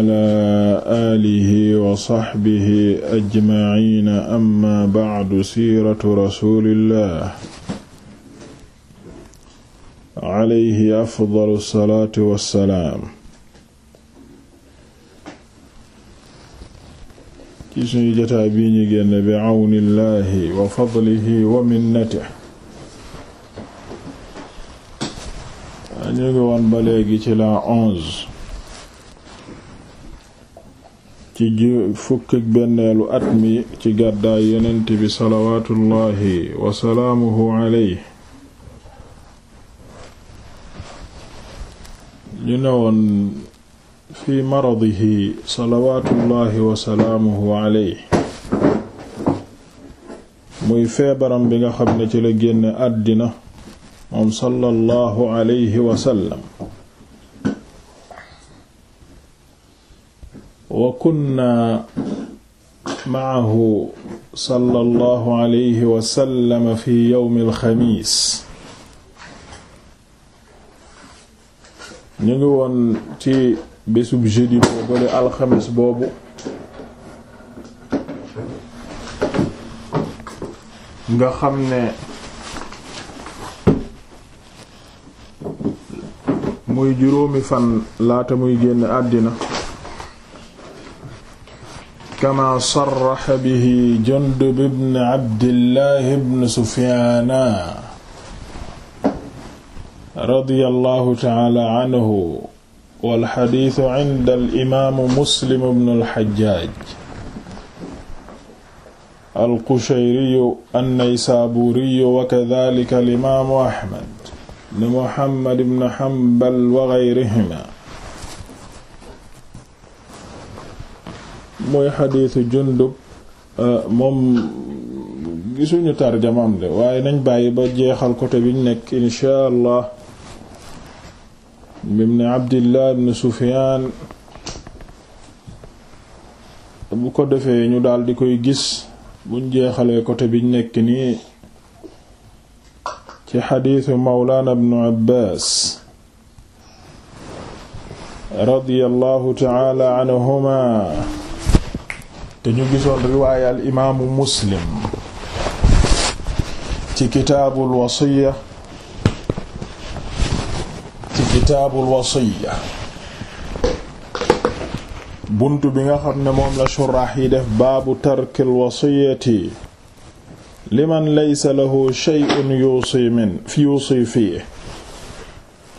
ala alihi wa saxbihi ajmaciina amma bacdu siiratu rasulillah alayhi afdalu salaatu wassalaam ci suñu jotaa bii ñu génn bi cawnillahi wa fadlihi wa minnatihi ñu ngi woon ba léegi ci la onze ci fukk ak benneelu at mi ci gàddaay yonent bi salawaatullaahi wa salaamuhu alayhi ñu ne woon fi maradihi salawaatullaahi wa salaamuhu alayhi muy feebaram bi nga xam ne ci la génn àddina moom sallallahu alayhi wa sallam wa kunna maahu sallallahu alayhi wa fi yawmi alxamiis ñu ngi woon ci bésub jeudi boobale alxamis boobu nga xam ne muy juróomi fan laata muy génn àddina kama sarraxa bihi Jundub ibn Abdillahi ibn Sufyaana radiyallahu ta'ala anhu wal xadiisu inda al imaamu Muslim ibn al Hajjaaj al Qushayriyu an-Naysaabuuriyu wa kadaalika al imaamu Ahmad ibn Muhammad ibn Hanbal wa ghayrihimaa mooy xadiisu Jundub euh, moom gisuñu tarjamaam de waaye nañ bàyyi ba jeexal côté biñ nekk inshaa allah ibn Abdillah ibn Sufyaan bu ko defee ñu daal di koy gis buñ jeexalee côté biñ nekk nii ci xadiisu Mawlaana ibn Abbaas radiyallahu ta'ala anhuma te ñu gisoon riwaaya al muslim ci kitaabul wasiya bunt bi nga xam ne moom la shuraax yi def baabu tarkil wasiyati liman laysa lahu shay'un yuusi min fi yuusi fii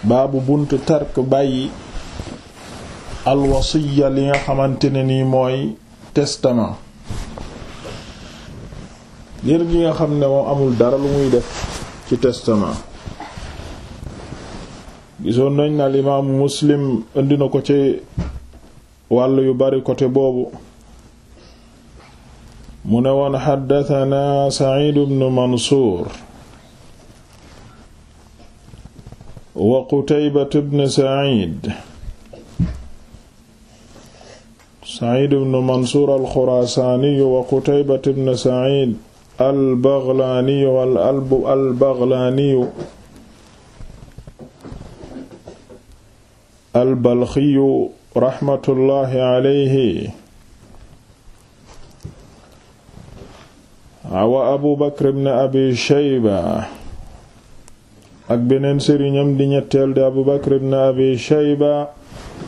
baabu bunt tark bàyyi al li nga xamante nii mooy testament ngir gi nga xam ne moom amul dara lu muy def ci testament gisoon nañ na imaam muslim indi na ko ci wàll yu bari côté boobu mu ne woon xaddatana Sa'id ibn Mansuur wa Qutayba ibn Sa'id Saciid ibn Mansuur al-Xurasaaniyu wa Qutayba ibn Saciid al-Baglaaniyu al-Baglaaniyu al-Balxiyu raxmatullahi alayhi wa Abu Bakr ibn Abi Shayba ak beneen sëriñam di ñetteel di Abu Bakr ibn Abi Shayba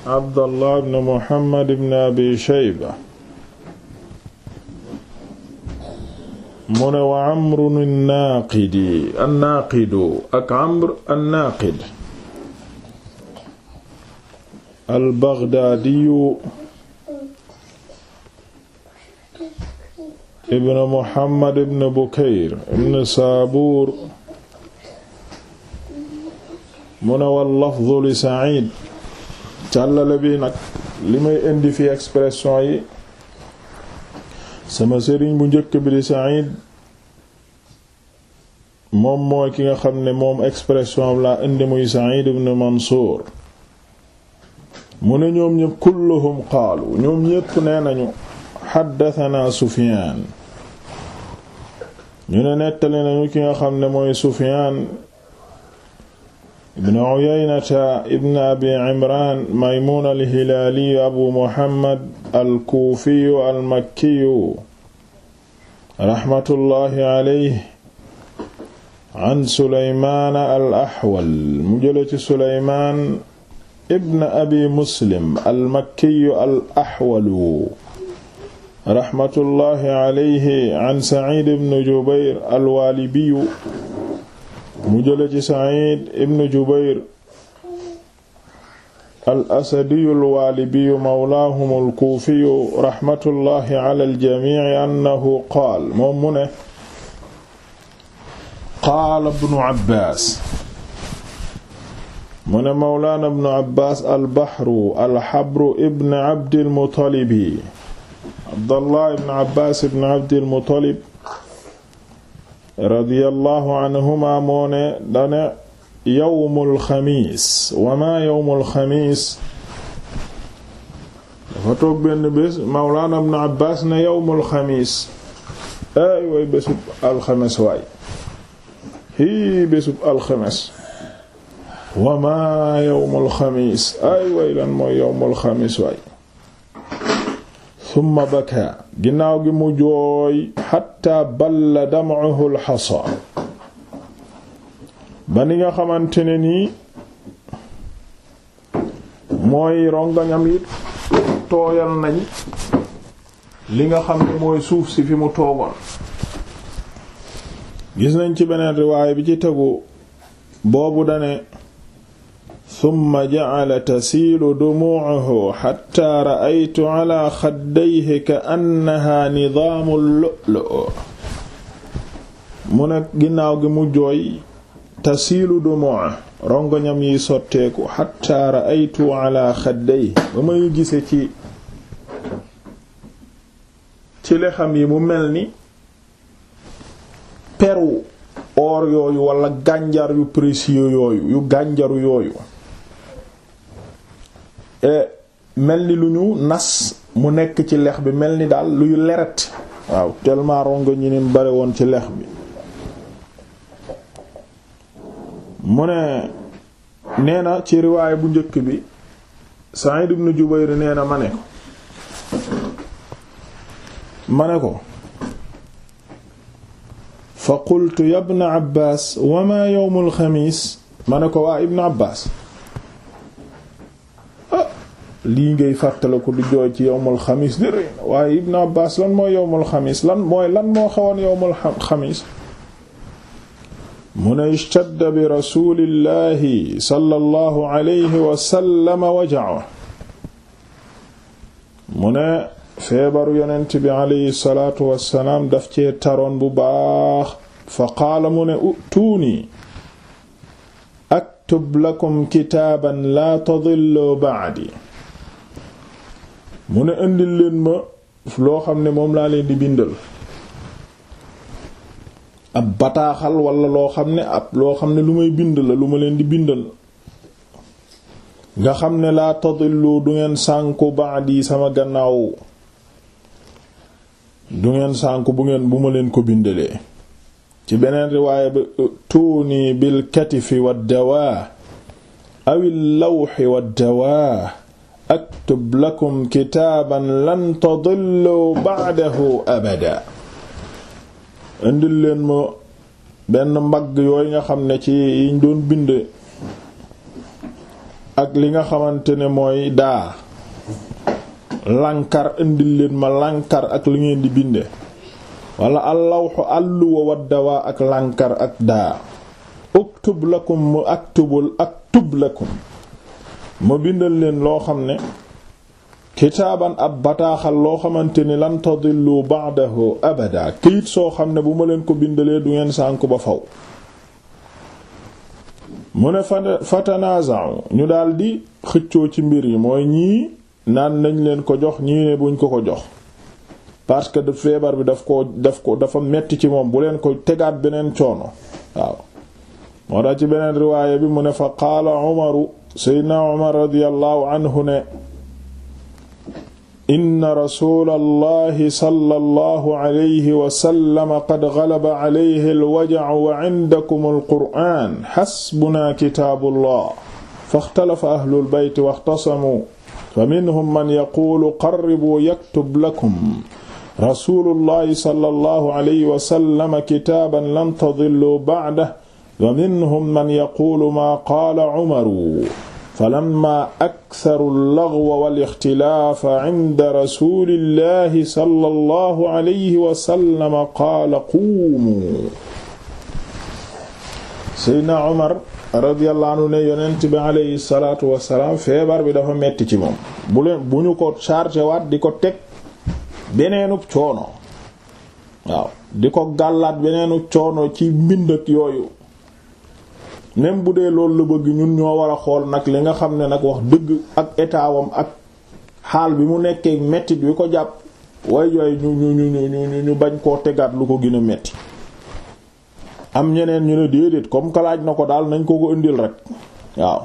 Abdallah ibn Muhammad ibn Abi Shayba mu ne wa Amrun an-Naaqidi an-Naaqidu ak Amr an-Naaqid al-Baghdaadiyu ibn Muhammad ibn Bukayr ibn Saabuur mu ne wal lafzu li Sa'iid càllale bi nag li may indi fi expression yi sama sëriñ bu njëkk bi di Sa'id moom mooy ki nga xam ne moom expression laa indi muy Sa'id ibn Mansuur mu ne ñoom ñëpp kulluhum qaalu ñoom ñëpp nee nañu xaddathana Sufyaan ñu ne nettali nañu ki nga xam ne mooy Sufyaan ibn Uyaynata ibn abi Imraan Maymuun al-Hilaali abu Muhammad al-Kuufi al-Makki raxmatullahi alayhi an Sulaymaan al-Ahwal mu jële ci Sulaymaan ibn abi Muslim al-Makki al-Ahwal raxmatullahi alayhi an Saciid ibn Jubayr al-Waalibi mu jële ci Sa'id ibn Jubayr al asadiyu alwaalibiyu mawlaahum alkuufiyu raxmatullahi ala aljamici annahu qaal moom mu ne qaala bnu abbaas mu ne mawlaana bnu abbaas albahru alxabru ibn abdilmutalibi abdallah ibn abbaas ibn abdilmutalib radiyallahu anhuma moo ne dane yawmul xamiis wa ma yawmul dafa toog benn bés mawlaana ibn Abbaas ne yawmul xamiis ay way bésub alxames waay hii bésub alxames wa ma yawmul xamiis ay way lan mooy yawmul xamiis waay summa baka ginnaaw gi mu jooy xatta balla dam'uhu al-hasa ba ni nga xamante ne nii mooy rongañam it tooyal nañ li nga xam ne mooy suuf si fi mu toogoon gis nañ ci beneen riwaaya bi ci tegu boobu dane summa jacala tasiilu dumuucahu xataa ra'aytu mu ne ginnaaw gi mu jooy tasiilu yi sotteeku xataa ra'aytu calaa xaddayhi ba may gise ci ci lexam yi mu mel ni peru or yooyu wala gànjar yu précieux yooyu yu gànjaru yooyu E, mel ni lu ñu nas mu nekk ci lex bi mel ni daal luy leret waaw tellement rongo ñi nim bari woon ci lex bi mu ne nee na ci riwaay bu njëkk bi Sa'id ibn Jubayr nee na ma ne ko ma ne ko fa qultu ya ibn Abbas wa ma yawmul xamiis ma ne ko waa ibn Abbas lii ngay fàttale ko du jooy ci yowmal xamis di rëy na waaye Ibn Abbas lan mooy yowmal xamis lan mooy lan moo xawoon yowmal xamis mu ne ishtadda bi rasulillahi sallallahu alayhi wa sallam waja'u mu ne feebaru yonent bi alayhi salaatu wassalaam daf cee taroon bu baax fa qaala mu ne utuuni aktub lakum kitaaban laa tadillu ba'di mu ne indi leen ma loo xam ne moom laa leen di bindal ab bataaxal wala loo xam ne ab loo xam ne lu may bind la lu ma leen di bindal nga xam ne laa tadillu du ngeen sànku ba'di sama gannaaw du ngeen sànku bu ngeen bu ma leen ko bindalee ci beneen riwaaya bi tuuni bil katifi wad dawaa awil lawhi wad dawaa aktub lakum kitaaban lan tadillu ba'dahu abada indil ma benn mbagg yooyu nga xam ne ci yiñ doon bind ak li nga xamante ne mooy daa lànkar indil ma lànkar ak li ngeen di binde wala allawxu àllu waddawaa ak lànkar ak daa uktub lakum mu aktubul aktub lakum ma bindal leen loo xam ne kitaaban ab bataaxal loo xamante ni lan lu ba'dahu abada këyit soo xam ne bu ma leen ko bindalee du ngeen sànk ba faw mu ne fatanaza'u ñu daldi xëccoo ci mbir yi mooy ñii naan nañ leen ko jox ñii ne buñ ko ko jox parce que de feebar bi daf ko daf ko dafa metti ci moom bu leen ko tegaat beneen coono waaw moo tax ci beneen riwaaya bi mu ne fa qaala Umaru seydna umar radiyallahu anhu ne inna rasulallahi sallallahu alayhi wa sallam qad ghalaba alayhi alwaja'u wa indakum alqur'an hasbuna kitaabullah faxtalafa ahlul bayt waxtasamu faminhum man yaqulu qarribu yaktub lakum rasulullahi sallallahu alayhi wa sallam kitaaban lan tadillu ba'dahu wa minhum man yaquulu maa qaala Umaru falammaa aksaru al-lagwa wal-ixtilaafa inda rasuulillaahi sallallahu alayhi wa sallam qaala quumuu. Seydina Umar radiyallahu anhu ne yonent bi alayhi salaatu wa salaam feebar bi dafa metti ci moom bu leen bu ñu ko chargé waat di ko teg beneenub coono waaw di ko gàllaat beneenu coono ci mbind ak yooyu. même bu dee loolu la bëgg ñun ñoo war a xool nag li nga xam ne nag wax dëgg ak état ak xaal bi mu nekkee mettit bi ko jàpp way jooy ñu ñu ñu ñu ñu bañ koo tegaat lu ko gën a am ñeneen ñu ne déedéet comme kalaaj na ko daal nañ ko ko indil rek waaw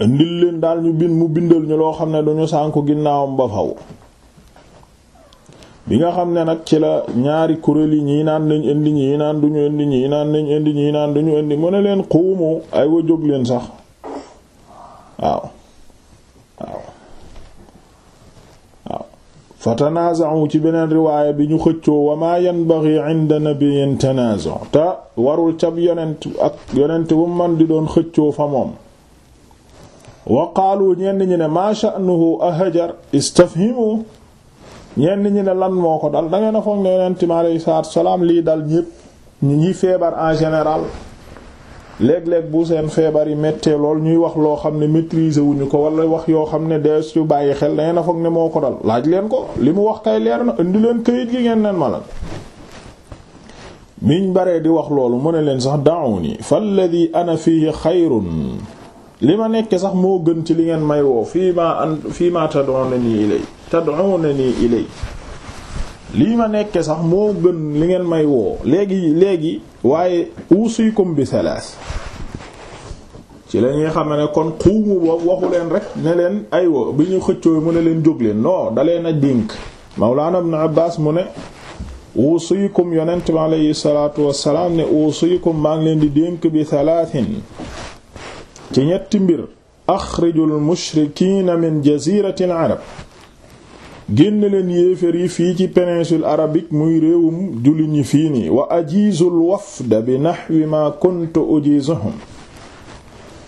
indil leen daal ñu bind mu bindal ñu loo xam ne duñu sànku ginnaawam ba faw bi nga xam ne nag ci la ñaari kuréel yi ñii naan lañ indi ñii naan duñu indi ñii naan lañ indi ñii ne leen xuumu ay wa jóg leen sax waaw waaw ci beneen riwaaya bi ñu xëccoo wa ma yanbaghi warul cab yonent ak yonent man di doon xëccoo fa moom wa qaalu ñenn ñi ne ma sha'nuhu ahajar istafhimu ñenn ñi ne lan moo ko dal da ngeen a foog ne yonent mi salaam lii dal ñépp ñu ngi feebar en général leeg léeg bu seen feebar yi méttee lool ñuy wax loo xam ne maîtriser wuñu ko wala wax yoo xam ne dees yu bàyyi xel da ngeen a foog ne moo ko dal laaj leen ko li mu wax kay leer na indi leen këyit gi ngeen nen ma la. miñ baree di wax loolu mu ne leen sax da'uni falladi ana fii xayrun li ma nekk sax moo gën ci li ngeen may woo fii maa an fii maa tad'unani ilay tad'unani ilay lii ma nekke sax moo gën li ngeen may woo léegi léegi waaye uusikum bi salaas ci la ñuy xam ne kon xuumu boobu waxu leen rek ne leen aywa bi ñu xëccoo mu ne leen jóg noo non daleen a dénk Mawlana Ibn Abbas mu ne uusikum yonent bi alayhi salaatu wassalaam ne uusikum maa ngi leen di dénk bi thalathin ci ñetti mbir axrijul mushrikiina min jaziratil arab génn leen yéefér yi fii ci péninsule arabique muy réewum jullit ñi fii nii wa ajizul wafda bi nahwi ma kuntu ujizuhum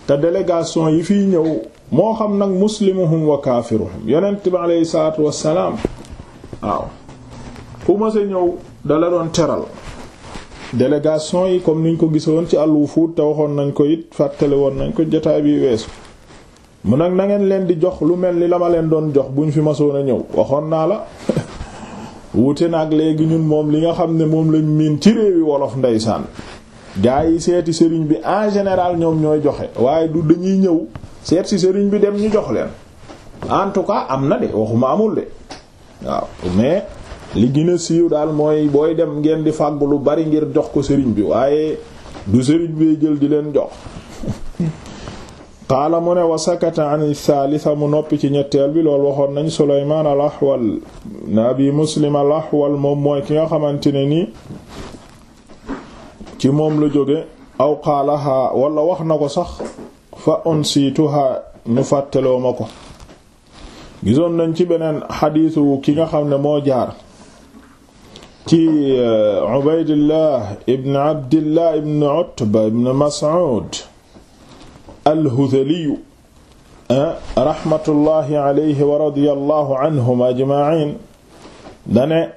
te délégation yi fiy ñëw moo xam nag muslimuhum wa kaafiruhum yonent bi aleyhi salaatu wassalaam waaw ku ma sa ñëw dala doon teral délégation yi comme niñ ko gisoon ci àllu fuut te waxoon nañ ko it fàttale woon nañ ko jotaay bi weesu mu nag na ngeen leen di jox lu mel ni la ma leen doon jox bu ñu fi masoon a ñëw waxoon naa la wuute na léegi ñun moom li nga xam ne moom lañ miin ci réewi wolof ndeysaan gaa yi seeti sëriñ bi en général ñoom ñooy joxe waaye du dañuy ñëw seet si sëriñ bi dem ñu jox leen en tout cas am na de ma amul de waaw mais li gën a siiw daal mooy booy dem ngeen di fàggu lu bari ngir jox ko sëriñ bi waaye du sëriñ bi jël di leen jox qaala mu ne wa sakata an thalitha mu noppi ci ñetteel bi loolu waxoon nañ Sulaymaan al Ahwal na Muslim al moom mooy ki nga xamante ne nii ci moom la jóge aw qaalahaa wala wax na ko sax fa unsituhaa ñu fàttaloo ma ko gisoon nañ ci beneen xadiisu ki nga xam ne moo jaar ci euh, Ubaydillah ibn Abdillah ibn Utba ibn Mas'ud al-Hudhali ah, rahmatullahi alayhi wa radiyallahu anhum ajma'in dane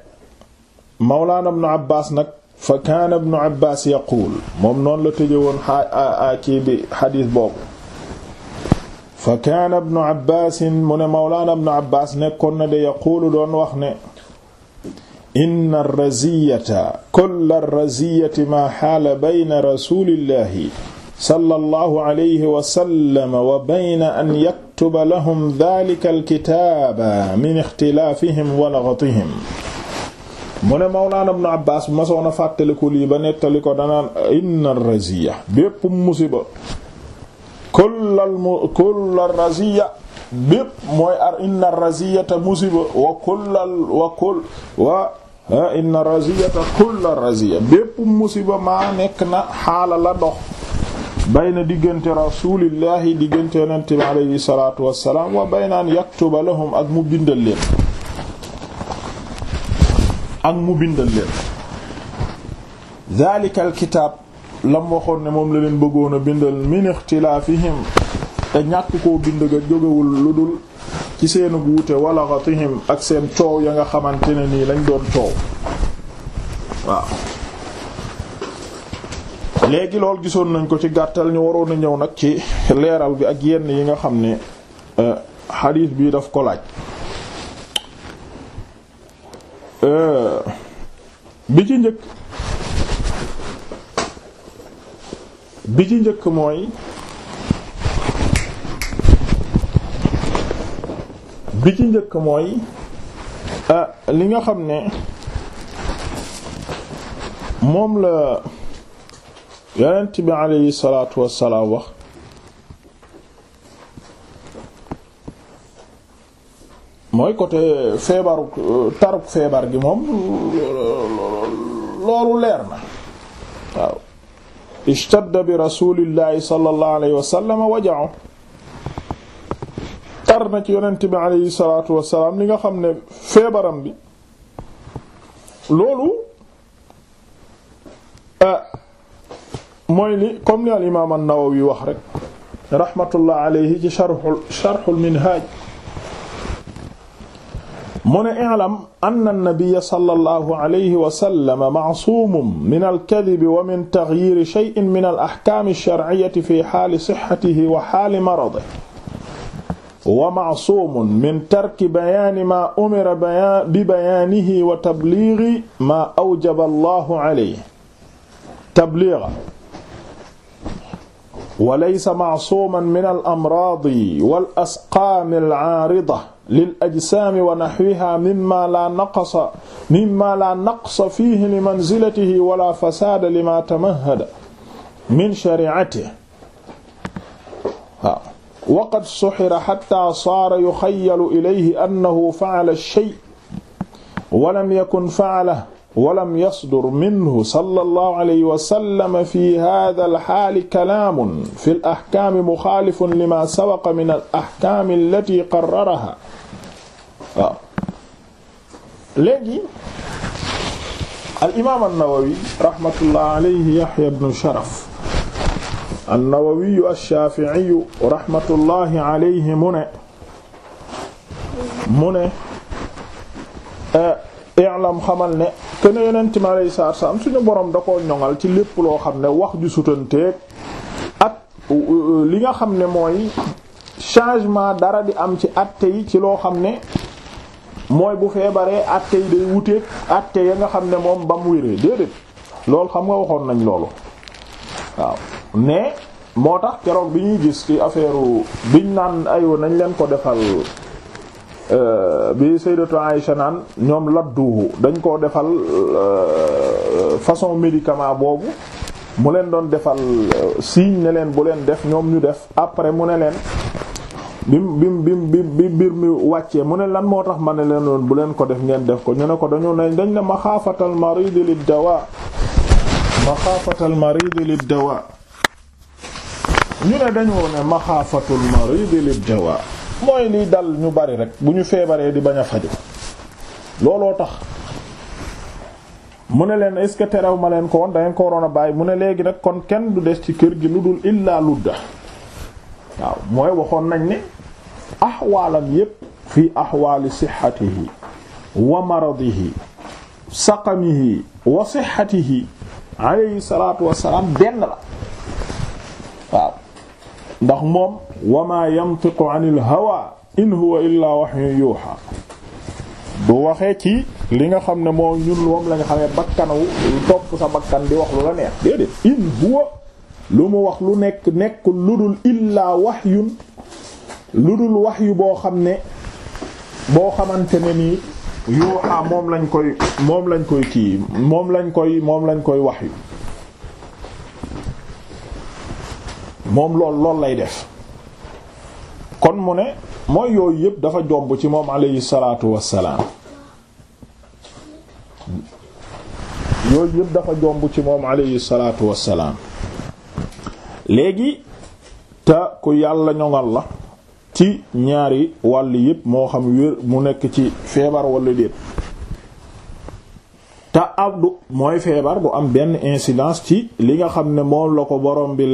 mawlaana ibnu Abbaas nag fa kaana ibnu Abbaas yaquul moom noonu la tëje woon a kii bi xadiis boobu fa kaana ibnu Abbaas mu ne mawlaana ibnu Abbaas nekkoon na de yaquulu doon wax ne inna ar-raziyata kulla ar-raziyati maa haala bayna rasuulillahi sallallahu alayhi wa sallam wa bayna an yaktuba lahum dhalika alkitaaba min ixtilaafihim wa laghatihim mu ne Mawlaana Ibn Abbaas bu ma soon a fàttaliku lii ba nettali ko danaan inna raziya bépp musiba kulla raziya bépp mooy ar inna raziyata musiba wa kullal wa kull wa inna raziyata kulla raziya bépp musiba maa nekk na xaala la dox bayna diggante rasulillahi diggante yonente bi alayhi salatu wassalaam wa baynaan yaktuba lahum ak mu bindal leen ak mu bindal leen daalika alkitaab lam waxoon ne moom la leen bëggoon a bindal min ixtilaafihim te ñàkk koo bind ga jógewul lu dul ci seenu wuute wala xatihim ak seen coow ya nga xamante ne nii lañ doon coow waaw léegi lool gisoon nañ ko ci gàttal ñu waroon a ñëw nag ci leeral bi ak yenn yi nga xam ne euh, xarit bi daf ko laaj euh, bi ci njëkk bi ci njëkk mooy bi ci njëkk mooy euh, li nga xam ne moom la yonent bi aleyhi salaatu wassalaam mooy côté feebaru taruk feebar gi moom loolu leer na waaw ishtadda bi rasulillahi sallallahu alayhi wasallam waja'u tar na ci yonent bi aleyhi salaatu wassalaam li nga xam ne feebaram bi loolu ah, mooy li comme li al imaam an-Nawawi wax rek rahmatullah alayhi ci sharhul sharhul minhaj mu ne i'lam anna an-nabiyya sallallahu alayhi wa sallam ma'suumun min al-kadhibi wa min taghyiri shay'in min al-ahkaami ash-shar'iyyati fi haali sihhatihi wa haali maradihi wa ma'suumun min tarki bayaani maa umira bi bayaanihi wa tabliigi maa awjaba Allahu alayhi tabliiga wa laysa ma'suuman min al-amraadi wal asqaami al-aarida lil ajsaami wa naxwihaa mimmaa laa naqsa mimmaa laa naqsa fiihi li manzilatihi wala fasaada limaa tamahhada min shari'atihi waaw wa qad suxira xattaa saara yuxayyalu ilayhi annahu fa'ala ash-shay'a wa lam yakun fa'alahu walam yasdur minhu sallallahu alayhi wa sallam fi hada alxaali kalaamun fi l axkaami muxaalifun lima sabaqa min al axkaami allati qararaha waaw léegi alimaam annawawi rahmatullah alayhi yaxya bnu sharaf annawawiyu alshaaficiyu rahmatullahi alayhi mu ne mu ne eh, i'lam xamal ne kene yonent mi alayhi salaatu salaam suñu borom da koo ñoŋal ci lépp loo xam ne wax ju sutanteeg ak euh, li nga xam ne mooy changement dara di am ci atte yi ci loo xam ne mooy bu feebaree atte yi day wuteeg atte ya nga xam ne moom ba mu wéree déedéet loolu xam nga waxoon nañ loolu waaw mais moo tax keroog bi ñuy gis ci affaire biñ naan ayoo nañ leen ko defal Euh, bi sayyidatu Aïsha naan ñoom ladduhu dañ koo defal euh, façon médicament boobu mu leen doon defal euh, signe ne leen bu leen def ñoom ñu def après mu ne leen bi mu bi mu bi mbir mi wàccee mu ne lan moo tax ma ne leen woon bu leen ko def ngeen def ko ñu ne ko dañu ne dañ ne maxaafatal marid lid dawa maxaafatal marid lid dawa ñu ne dañoo ne maxaafatul marid lid dawa mooy liy dal ñu bari rek bu ñu feebaree di bañ a faju looloo tax mu ne leen est-ce ma leen ko woon da ngeen ko waroon a bàyyi mu ne léegi nag kon kenn du des ci kër gi lu dul illaa ludda waaw mooy waxoon nañ ni axwaalam yépp fi axwaali sixatihi wa maradihi saqamihi wa sixatihi alayhi salaatu wassalaam benn la waaw ndax moom wama yantiqu anil hawa in huwa wax wahyun yuha du waxee ci li nga xam ne moo ñun moom lañ nga xamee bakkanawu topp sa bakkan di wax lu la neex déedéet in huwa lu mu wax lu nekk nekk lu dul illaa wahyun lu dul wahyu boo xam ne boo xamante ne nii yuuxaa moom lañ koy moom lañ koy kii moom lañ koy moom lañ koy wahyu moom lool lool lay def kon mu ne mooy yooyu yëpp dafa jomb ci moom alayhi salaatu wassalaam yooyu yëpp dafa jomb ci moom alayhi salaatu wassalaam léegi te ku yàlla ñoŋal la ci ñaari wàll yëpp moo xam wér mu nekk ci feebar walla déet te ab du mooy feebar bu am benn incidence ci li nga xam ne moom la ko boroom bi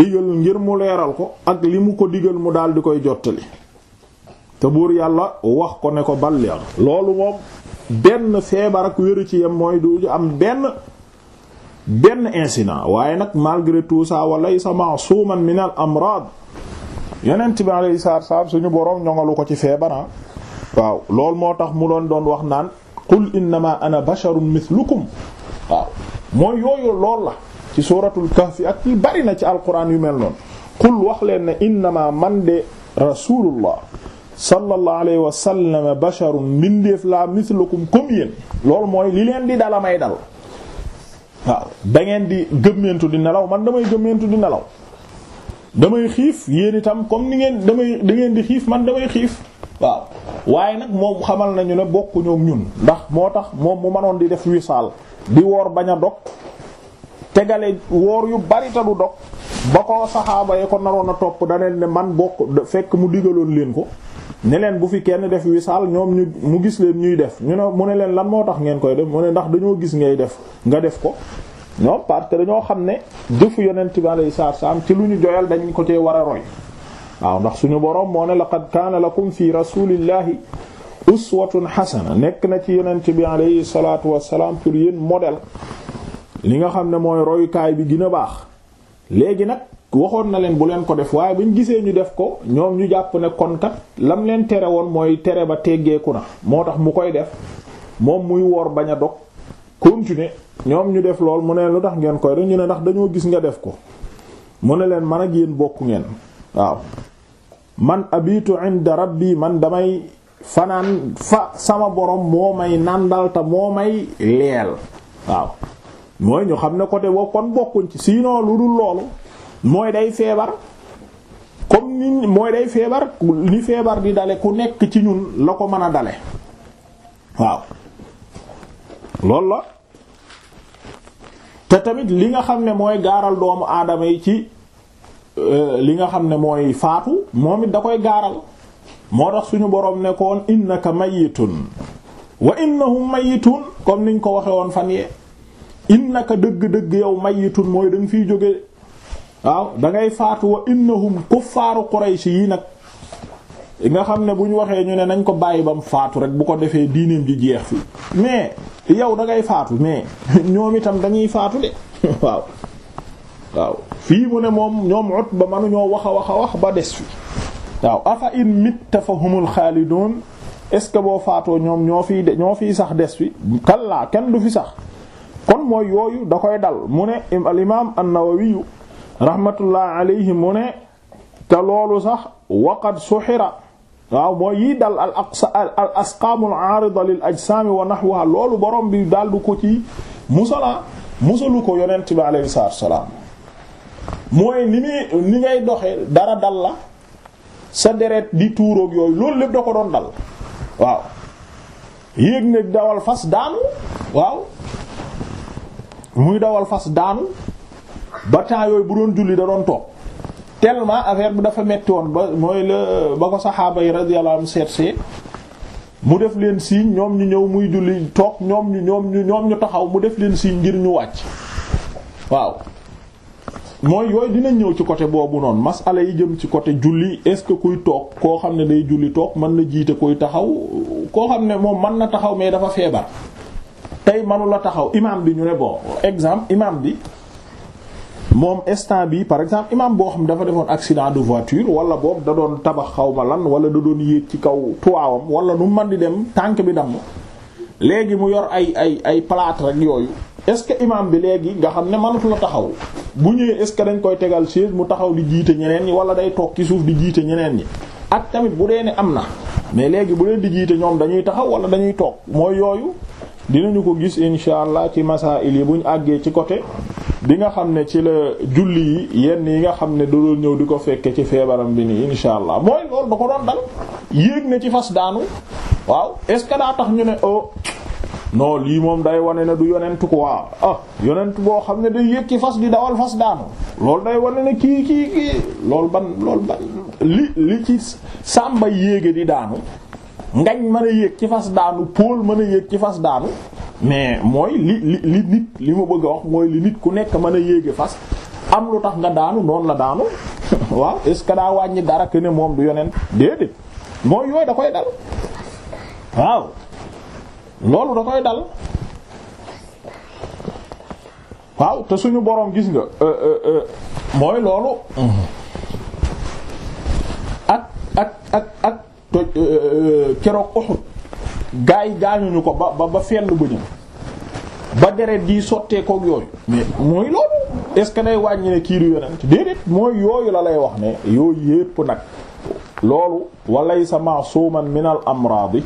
digal ngir mu leeral ko ak li mu ko digal mu daal di koy jottali te buur yàlla wax ko ne ko balleer loolu moom benn feebar ak wéru ci yam mooy du am benn benn incident waaye nag malgré tout ça walay sa ma'suman min al amrad yonent bi alayhi salaatu wa salaam suñu borom ñoŋalu ko ci feebaran ah. waaw loolu moo tax mu doon doon wax naan qul innama ana basharun mithlukum waaw mooy yooyu lool la ci suuratul kahfi ak yi bari na ci alquran yu mel noonu qul wax leen ne innama man de rasulullah sallallahu alayhi wa sallam basharun mbindeef la mithlukum comme yéen loolu mooy li leen di dala may dal waaw da ngeen di gëmmentu di nelaw man damay gëmmentu di nelaw damay xiif yéen itam comme ni ngeen damay da di xiif man damay xiif waaw waaye nag moom xamal nañu ne bokkuñu ak ñun ndax moo tax moom mu manoon di def wisaal di woor bañ a dog tegale woor yu bari ta du dog ba ko saxaaba yi ko naroon a topp daneen ne man bokk fekk mu digaloon leen ko ne leen bu fi kenn def wisaal ñoom ñu mu gis leen ñuy def ñu ne mu ne leen lan moo tax ngeen koy def mu ne ndax dañoo gis ngay def nga def ko ñoom parce dañoo xam ne jëfu yonent yi alayhi saam ci lu ñu joyal dañ ko cee war a roy waaw ndax suñu boroom moo ne laqad kaana lakum fi rasulillahi uswatun hasana nekk na ci yonent bi alayhi salatu wasalaam pour yéen modèle li nga xam ne mooy royukaay bi gën a baax léegi nag waxoon na leen bu leen ko def waaye ñu gisee ñu def ko ñoom ñu jàpp ne konkat lam leen tere woon mooy tere ba teggeeku na moo tax mu koy def moom muy wor bañ a dog continuer ñoom ñu def lool mu ne lu tax ngeen koy rek ñu ne ndax dañoo gis nga def ko mu ne leen man ak yéen bokku ngeen waaw man abitu inda rabbi man damay fanaan fa sama borom moo may nàndal te moo may leel waaw mooy ñu xam ne côté boobu kon bokkuñ ci sinon lu dul loolu mooy day feebar comme ni mooy day feebar ni di dale ku nekk ci ñun la ko mën a dale waaw loolu la te tamit li nga xam ne mooy gaaral doomu aadama yi ci Euh, li nga xam ne mooy faatu moom it da koy gaaral moo tax suñu boroom nekkoon innaka mayitun wa innahum mayitun comme niñ ko waxe woon fan yee innaka dëgg-dëgg yow mayitun mooy dañ fiy jóge waaw dangay ngay faatu wa innahum kuffaaru Qurayshi yi nag nga xam ne bu ñu waxee ñu ne nañ ko bàyyi ba mu faatu rek bu ko defee diineem ji jeex fi mais yow da faatu mais ñoom itam dañuy faatu de waaw waaw fii mu moom ñoom Utba mënuñoo wax a wax a wax ba des fi waaw afa in mitta fa humul xaalidoon est-ce que boo faatoo ñoom ñoo fiy de ñoo sax des fi kallaa kenn du fi sax kon mooy yooyu da koy dal mu ne al imaam an-Nawawi rahmatullah alayhi loolu sax waqad suxira waaw mooy yii dal al aqsa al lil ajsaami wa nahwaha loolu borom bi daal ko ci musala musalu ko yonent bi alayhi salaam mooy ni muy ni ngay doxee dara dal la sa deret di tuuroog yooyu loolu lépp da ko doon dal waaw yéeg ne dawal fas daanu waaw muy dawal fas daanu ba temps yooyu bu doon julli da doon toog tellement affaire bi dafa metti woon ba mooy la ba ko saxaaba yi radiyallahu anhum seetsee mu def leen signe ñoom ñu ñëw muy julli toog ñoom ñu ñoom ñu taxaw mu def leen signe ngir ñu wàcc waaw mooy yooyu dinañ ñëw ci côté boobu noonu masala yi jëm ci côté julli est-ce que kuy toog koo xam ne day julli toog mën na jiite kuy taxaw koo xam ne moom man na taxaw mais dafa feebar tey mënu la taxaw imam bi ñu ne bon exemple imam bi moom instant bi par exemple imam boo xam ne dafa defoon accident de voiture wala boob da doon tabax xawma lan wala da doon yéeg ci kaw tuwaawam wala nu man di dem tànk bi damm léegi mu yor ay ay ay palaat rek yooyu est-ce que imam bi léegi nga xam ne mënatu la taxaw bu ñëwee est-ce que dañ koy tegal chaise mu taxaw di jiite ñeneen ñi wala day toog ci suuf di jiite ñeneen ñi ak tamit bu dee ne am na mais léegi bu leen di jiite ñoom dañuy taxaw wala dañuy toog mooy yooyu dinañu ko gis insha allah ci masail yi bu ñu àggee ci côté bi nga xam ne ci la julli yi yenn yi nga xam ne da ñëw di ko fekkee ci feebaram bi nii insha allah mooy loolu da ko doon dal yéeg na ci fas daanu non lii moom day wane na du yonent quoi ah yonent boo xam ne day yëg ci fas di dawal fas daanu loolu day wane na kii kii kii loolu ban loolu ban li li ci sàmba yéege di daanu ngañ mën a yéeg ci fas daanu Paul mën a yéeg ci fas daanu mais mooy li li li nit li ma bëgg a wax mooy li nit ku nekk mën a yéege fas am lu tax nga daanu noonu la daanu waaw est-ce que daa wàññi dara que ne moom du yonent déedéet mooy yooyu da koy dal waaw loolu da koy dal waaw te suñu boroom gis nga euh, euh, euh, mooy loolu ak ak ak ak toj keroog Uhud gaa yi gaañuñu ko ba ba ba fenn bëñëm ba deret ji sotteekook yooyu mais mooy loolu est-ce que day wàññi ne kii du déedéet mooy yooyu la lay wax ne yoo yépp nag loolu walla walay sa ma'suman minal al amradi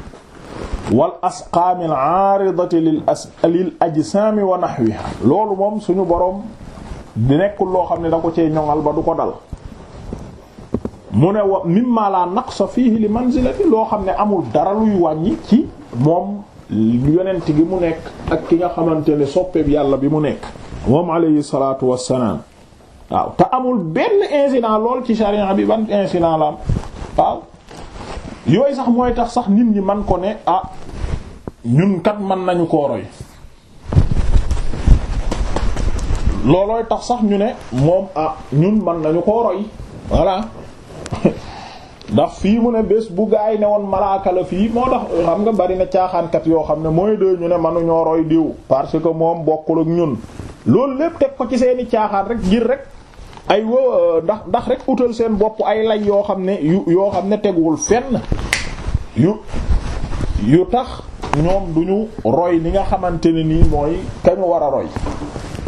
wal asqaami al aaridati lil as lil ajsaami wa nahwiha loolu moom suñu boroom di nekkul loo xam ne da ko cee ñoŋal ba du ko dal mu ne wa mimma la naqsa fiihi li manzilati loo xam ne amul dara luy wàññi ci moom yonent gi mu nekk ak ki nga xamante ne soppeeb yàlla bi mu nekk moom alayhi salaatu wassalaam waaw te amul benn incident lool ci sharia bi ban incident la am yooyu sax mooy tax sax nit ñi man ko ne ah ñun kat man nañu koo roy loolooy tax sax ñu ne moom ah ñun man nañu koo roy voilà ndax fii mu ne bés bu ay ne woon malaaka la fii moo tax xam nga bari na caaxaankat yoo xam ne mooy de ñu ne mënuñoo roy diw parce que moom bokkul ak ñun loolu lépp teg ko ci seeni caaxaan rek ngir rek ay wo ndax ndax rek utal seen bopp ay lay yoo xam ne yoo xam ne teguwul fenn yu yu tax ñoom duñu roy li nga xamante ne nii mooy kañ war a roy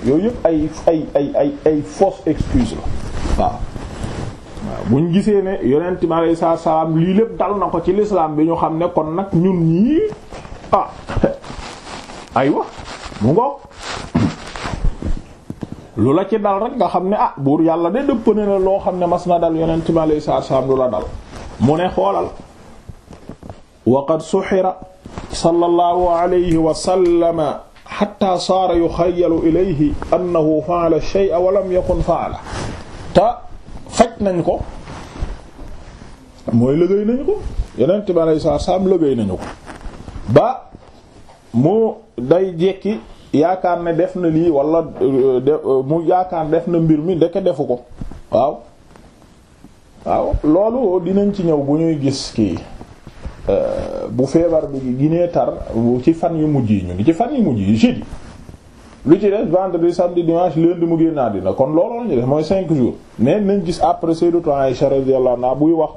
yooyu yëpp ay ay ay ay ay excuse la waaw waaw buñ gisee ne yonent mi alayhi salaam lii lépp dal na ko ci l'islam bi ñu xam ne kon nag ñun ñii ah aywa mu ngoog lu la ci dal rek nga xam ne ah buur yàlla de dëpp na loo xam ne mas na dal yonent mi alayhi salaam lu la dal mu ne xoolal waqad suxira sallallahu alayhi wa sallama xatta saara yuxayalu ilayhi annahu faala shay'a wa lam yakun faala te faj nañ ko mooy liggéey nañu ko yeneen bi aleyi saatu salaam liggéey nañu ko ba mu day jekki yaakaar ne def na lii wala mu yaakaar def na mbir mi ndeke defu ko waaw waaw loolu dinañ ci ñëw bu ñuy gis kii bu feebar bi ginee tar ci fan yu mujj yi ñu ngi ci fan yu mujj yi jeudi lu ci des vendredi samedi dimanche lundi mu génn àddina kon looloon ñu def mooy cinq jours mais nañ gis après Sayyidatu Aïsha radiyallahu anha buy wax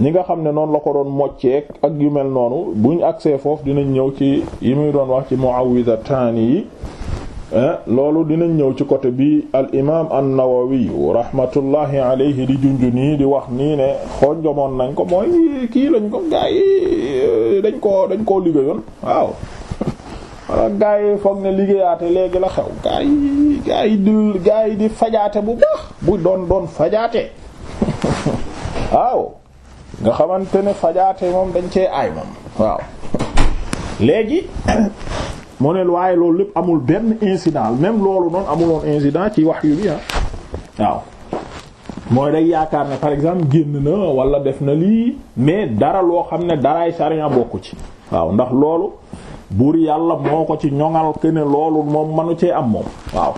ni nga xam ne noonu la ko doon mocceek ak yu mel noonu buñ agsee foofu dinañ ñëw ci yi muy doon wax ci muawwidataani yi Eh, loolu dinañ ñëw ci côté bi al imaam an-Nawawi rahmatullahi alayhi di junju nii di wax nii ne xonjomoon nañ ko mooy kii lañ ko gaa eh, dañ koo dañ liggéeyoon waaw wala yi foog ne liggéeyaate léegi la xew gaa yi di fajaate bu baax bu doon doon fajaate waaw nga xamante ne fajaate moom dañ cee aay moom waaw léegi moo ne waaye loolu lépp amul benn incident même loolu noonu amuloon insident ci wax yu bi ah waaw mooy day yaakaar ne par exemple génn na wala def na lii mais dara loo xam ne daray sariya bokku ci waaw ndax loolu buur yàlla moo ko ci ñoŋal ke ne loolu moom manu cee am moom waaw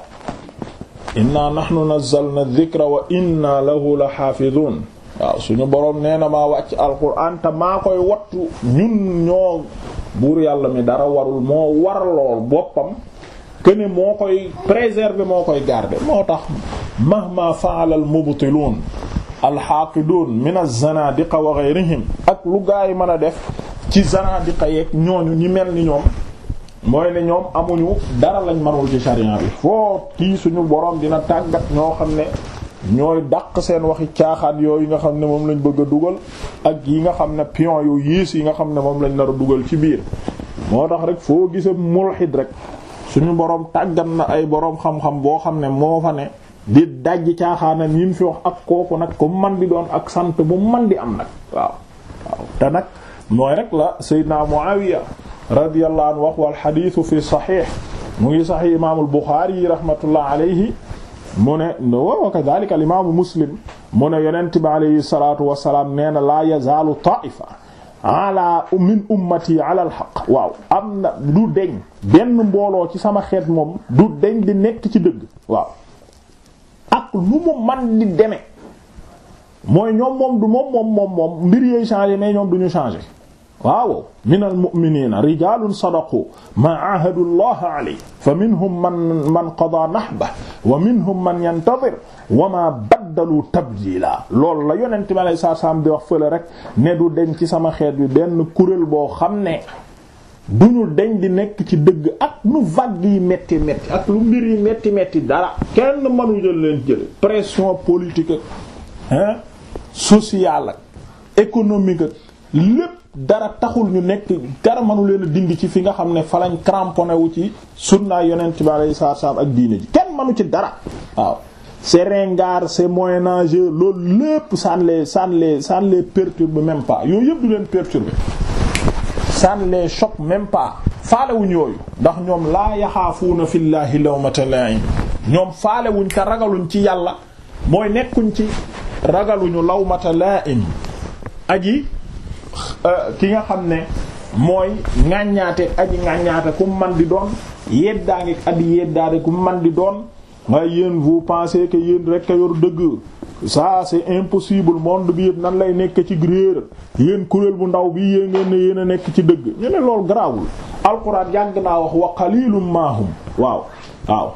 inna nahnu nazzalna dhikra wa inna lahu la xaafidun waaw suñu boroom nee na maa wàcc alquran te maa koy wattu ñun ñoo buur yàlla mi dara warul moo war lool boppam këne moo koy préserver moo koy garder moo tax mahma fa'ala al mubtilun al haqidun min az-zanadiqa wa ghayrihim ak lu gaa yi mën a def ci zanadiqa yeeg ñooñu ñi mel ni ñoom mooy ne ñoom amuñu dara lañ mënul ci sharia bi foo kii suñu borom dina tàggat ñoo xam ne ñooy dàq seen waxi caaxaan yooyu nga xam ne moom lañ bëgg a dugal ak yi nga xam ne pion yu yiis yi nga xam ne moom lañ nar a dugal ci biir moo tax rek foo gisee mulxid rek suñu boroom tàggat na ay boroom xam-xam boo xam ne moo fa ne di dajj caaxaana yi mu fi wax ak kooku nag ko man di doon ak sant bu man di am nag waaw te nag mooy rek la Seydina Muawiya radiyallahu anhu wax wal xadiisu fi saxiix mu ngi saxiix imaamul Buxaari yi rahmatullah alayhi moone ne wa kadhalika al imaamu muslim mu ne yonent bi alayhi salaatu nee na laa yazaalu min ummati ala alxaq du deñ benn mbooloo ci sama xeet moom du deñ di nekk ci dëgg waaw ak lu mu man di demee mooy ñoom moom du moom moom moom moom mbir yee changé mais ñoom du ñu changé waaw min almuminina rijalun sadaqu maa ahadu allah alay fa minhum man man qada nahba wa minhum man yantadir wa ma baddalu tabdila loolu la yonent mi alay saa salaam di wax fële rek ne du deñ ci sama xeet bi benn kuréel boo xam ne du ñu deñ di nekk ci dëgg ak nu vague yi metti metti ak lu mbir yi metti metti dara kenn mënu jël leen jële pression politique ak sociale ak économique ak lépp dara taxul ñu nekk dara manu leen a dindi ci fi nga xam ne fa lañ cramponné wu ci sunnaay yonent bi alayhi salaam ak diine ji kenn mënu ci dara waaw. c'est ringard c'est moyen âge loolu lépp ça ne les ça ne les ça même pas yooyu yëpp du leen perturber ça ne les choque même pas faalewuñ yooyu ndax ñoom laa yaxaafuuna fillaahi lawmata laa'im ñoom faalewuñ te ragaluñ ci yàlla mooy nekkuñ ci ragaluñu lawmata laa'im aji Euh, ki nga xam ne mooy ŋàññaate aji ŋàññaate ku man di doon yeddaa ngi aji yeddaate ku man di doon waaye yéen vous pensez que yéen rek yor dëgg ça c'est impossible monde bi yëpp nan lay nekk ci réer yéen kuréel bu ndaw bi yéen ngeen ne yéen a nekk ci dëgg ñu ne loolu garaawul alxuraan yàgg naa wax wa qalilum maahum waaw waaw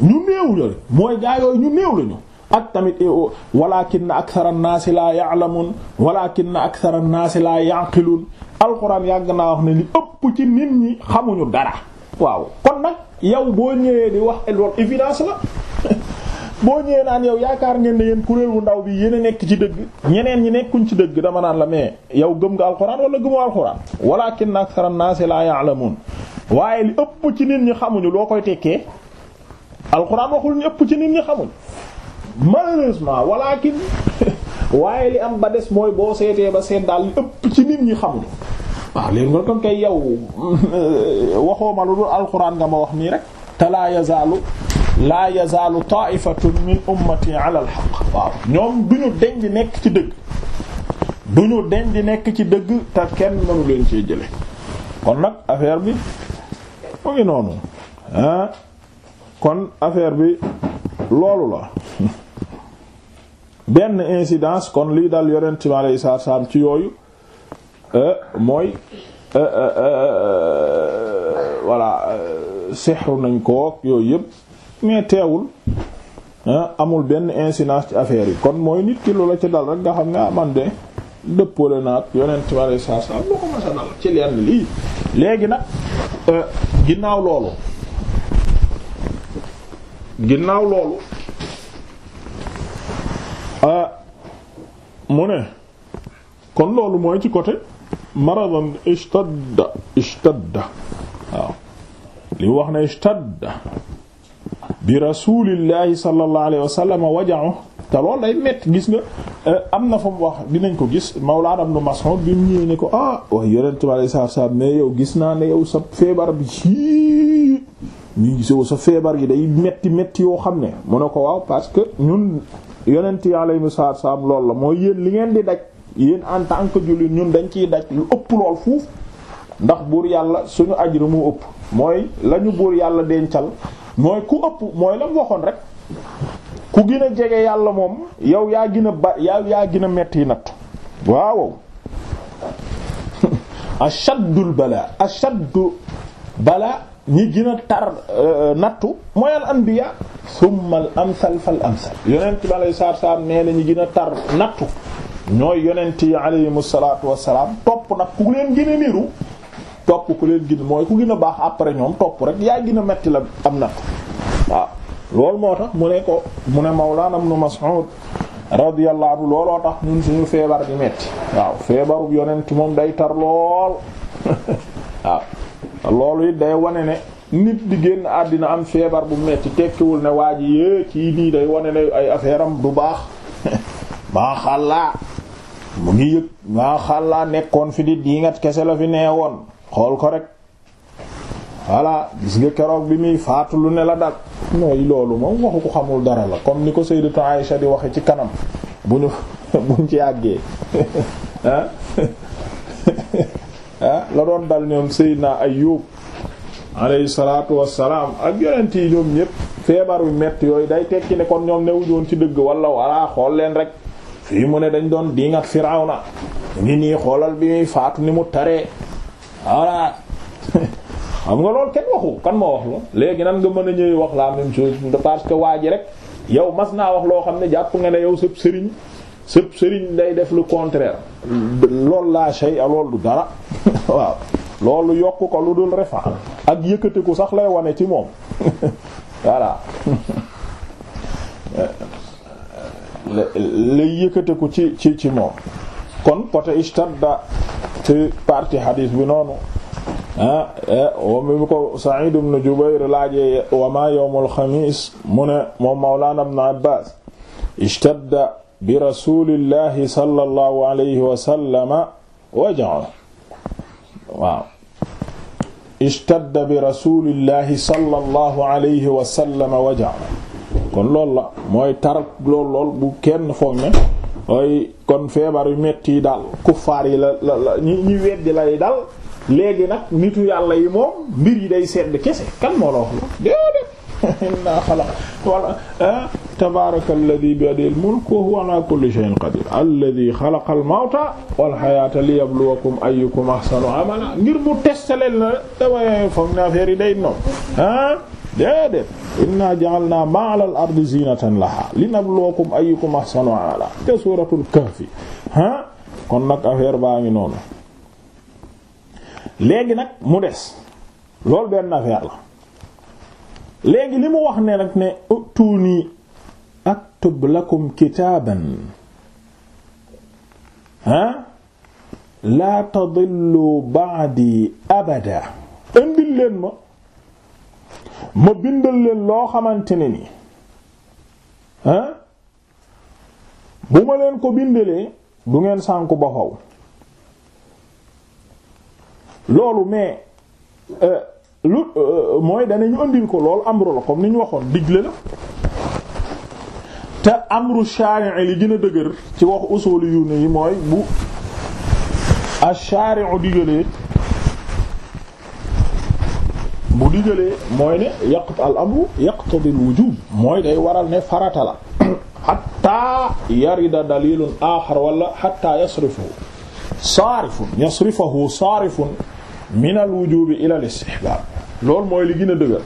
ñu néew la mooy gaa ñu néew lañu ak tamit e, walakinna akthara an-naasi laa ya'lamuun walakinna akthara an-naasi laa ya'qiluun alxuraan yàgg naa wax ne li ëpp ci nit ñi xamuñu dara waaw kon nag yow boo ñëwee di wax loolu évidence la boo ñëwee naan yow yaakaar ngeen ne yéen kuréel wu ndaw bi yéen nekk ci dëgg ñeneen ñi nekkuñ ci dëgg dama naan la mais yow gëm nga alxuraan wala gëmoo alxuraan walakinna akthara an-naasi laa ya'lamuun waaye li ëpp ci nit ñi xamuñu loo koy tekkee alxuraan waxul ñu ëpp ci nit ñi malheureusement walaakin waaye li am ba des mooy boo seetee ba seet daal li ëpp ci nit ñi xamuñu waaw léegi nga kon kay yow waxoo ma lu dul alxuraan nga ma wax nii rek te laa yazaalu laa yazaalu ta'ifatun min ummati ala alhaq waaw ñoom duñu deñ di nekk ci dëgg duñu deñ di nekk ci dëgg te kenn mënu leen ci jële kon nag affaire bi mu ngi noonu ah. kon affaire bi loolu la benn incidence kon lii dal yonent mi alayhi salaatu salaam ci yooyu euh, mooy euh, euh, voilà sexru nañ ko yooyu yëpp mais teewul amul benn incidence ci affaire yi kon mooy nit ki la ci dal rek nga xam nga ah, man de dëppale naag yonent mi alayhi salaatu lu ko masa dal ci lenn lii léegi nag ginnaaw loolu ginnaaw loolu Ah, mu ne kon loolu mooy ci côté maradan ishtadda ishtadda waaw li wax na ishtadda bi rasulillahi sallallahu alayhi wa sallam waja'u te loolu day metti gis nga eh, am na fa mu wax dinañ ko gis Mawlaana Ibn Mas'ud bi mu ne ko ah wax yonent bi alayhi salaatu salaam mais yow gis naa ne yow sa feebar bi ci ñu gis sa feebar gi day métti métti yoo xam ne mu ne ko waaw parce que ñun yonent yi alayhimu salaam loolu la mooy yéen li ngeen di daj yéen en que jullit ñun dañ ciy daj lu ëpp lool fuuf ndax buur yàlla suñu ajru mu ëpp mooy lañu ñu buur yàlla dencal mooy ku ëpp mooy la waxoon rek ku gën a jege yàlla moom yow yaa gën a ba yow yaa gën a metti natt waaw ashaddul bala ashaddu bala ñi gën a tar euh, nattu mooy al anbiya summa al amsal fal amsal yonent bi alayhi salaatu wassalaam nee na ñu gën a tar nattu ñooy yonent yi alayhimu salaatu topp nag ku leen gën a topp ku leen gën mooy ku gën a baax après ñoom topp rek yaa gën a metti la am nattu waaw loolu moo tax mu ne ko mu ne Mawlaana Ibnu Mas'ud radiyallahu looloo tax ñun suñu feebar di metti waaw feebaru yonent moom day tar lool waaw loolu it day wane ne nit di génn àddina am feebar bu metti tekkiwul ne waa ji yée kii nii day wane ne ay affaire am du baax maa mu ngi yëg maa nekkoon fi di diingat kese la fi ne woon xool ko rek voilà gis nga keroog bi muy faatu lu ne la dal mooy loolu moom waxu ko xamul dara la comme ni ko Sayyidatu Aïsha di waxe ci kanam bu ñu buñ ci àggee ah? Ah? la doon dal ñoom Sayyidina Ayyub alayhi salaatu wassalaam ak yonent yi ñoom ñépp feebaru metti yooyu day tekki ne kon ñoom newuñoon ci dëgg wala wala xool leen rek fii mu ne dañ doon diŋ ak Firawna ngi nii xoolal bi muy faatu ni mu taree wala xam nga lool kenn waxu kan moo wax la léegi nan nga mën a ñëw wax laa même chose parce que waa ji rek yow mas naa wax loo xam ne jàpp nga ne yow sëb sëriñ sëp sëriñ day def lu contraire loolu laa shay a loolu dara waaw loolu yokk ko lu dul refaa ak yëkkatiku sax lay wane ci moom voilà lay yëkkatiku ci ci ci moom kon côté istadda ci partie hadis bi noonu ah moom eh, mi ko Sa'id ibn Jubayr Mawlana ibn Abbaas istadda bi rasulillahi sallallahu alayhi wa sallama waj'u waaw a bi rasulillahi la alayhi wa sallam waja kon loolu la mooy tar lool lool bu kenn foog ne mooy kon feebar yu metti yi daal kuffaar yi la la la ñi ñi weddi lay dal léegi nag nitu yàlla yi moom mbir yi day sedd kese kan moo la wax la tabaaraka alladi bi yadihil mulk wa huwa ala kulli shay'in qadir alladi xalaqa al mawta wal hayata liyabluwakum ayyukum ahsanu amala ngir mu teste leen la damay foog ne affaire yi day noonu ah déedéet inna ja'alna ma'al ardi zinatan laha linabluwakum ayyukum ahsanu amala te suuratul kahfi ah kon nag affaire baa ngi noonu léegi nag mu des loolu benn affaire la léegi li mu wax ne nag ne tuuni aktub lakum kitaaban ha laa tadillu di abada indil leen ma ma bindal leen loo xamante ne ni ah bu ma leen ko bindalee du ngeen sànku ba faw loolu mais euh, lu euh, mooy danañu andil ko loolu amru la comme ni ñu waxoon digle la te amru shaari'i li gën a dëgër ci wax usul yu ne yi mooy bu ash-shaari'u digalee bu digalee mooy ne yaqt al amru yaqtadi al wujub mooy day waral ne farata la xatta yarida dalilun axar wala xatta yasrifahu saarifun yasrifahu saarifun min al wujubi ila al istihbab loolu mooy li gën a dëgër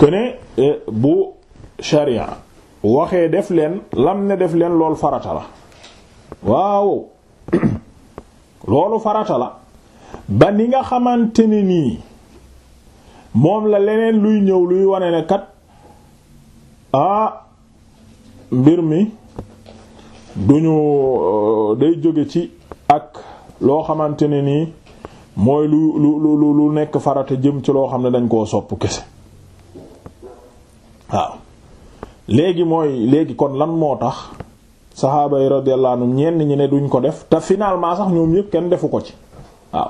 que ne eh, bu sharia waxee def leen lam ne def leen loolu farata la waaw loolu farata la ba ni nga xamante ne nii moom la leneen luy ñëw luy wane ne kat ah mbir mi duñu euh, day jóge ci ak loo xamante ne nii mooy lu lu lu lu nekk farata jëm ci loo xam ne dañ koo sopp kese léegi mooy léegi kon lan moo tax saxaaba yi radiyallahu anhum ñenn ñi ne duñ ko def te finalement sax ñoom yëpp kenn defu ko ci waaw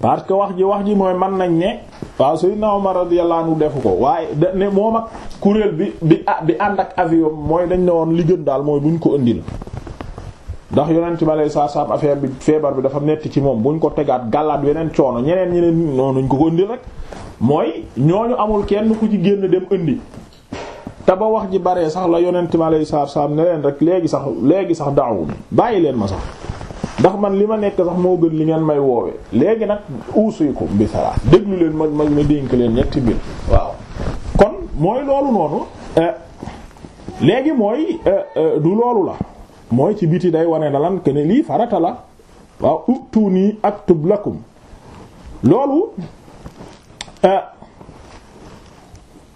parce que wax ji wax ji mooy mën nañ ne waaw Seydina Omar radiyallahu anhu defu ko waaye da ne moom ak kuréel bi bi bi ànd ak avion mooy dañ ne woon li gën daal mooy buñ ko indi la ndax yonent bi alayhi saa salaam affaire bi feebar bi dafa metti ci moom buñ ko tegaat gàllaat yeneen coono ñeneen ñeneen noonu ñu ko ko indi rek mooy ñooñu amul kenn ku ci génn dem indi te ba wax ji baree sax la yonent mi alayhi salaatu salaam ne leen rek léegi sax léegi sax daawu bàyyi leen ma sax ndax man li ma nekk sax moo gën li ngeen may woowe léegi nag uusikum bi salaat déglu leen ma ma ma dénk leen ñetti mbir waaw kon mooy loolu noonu euh, léegi mooy euh, euh, du loolu la mooy ci biti day wane na lan que ne lii farata la waaw utuni aktub lakum loolu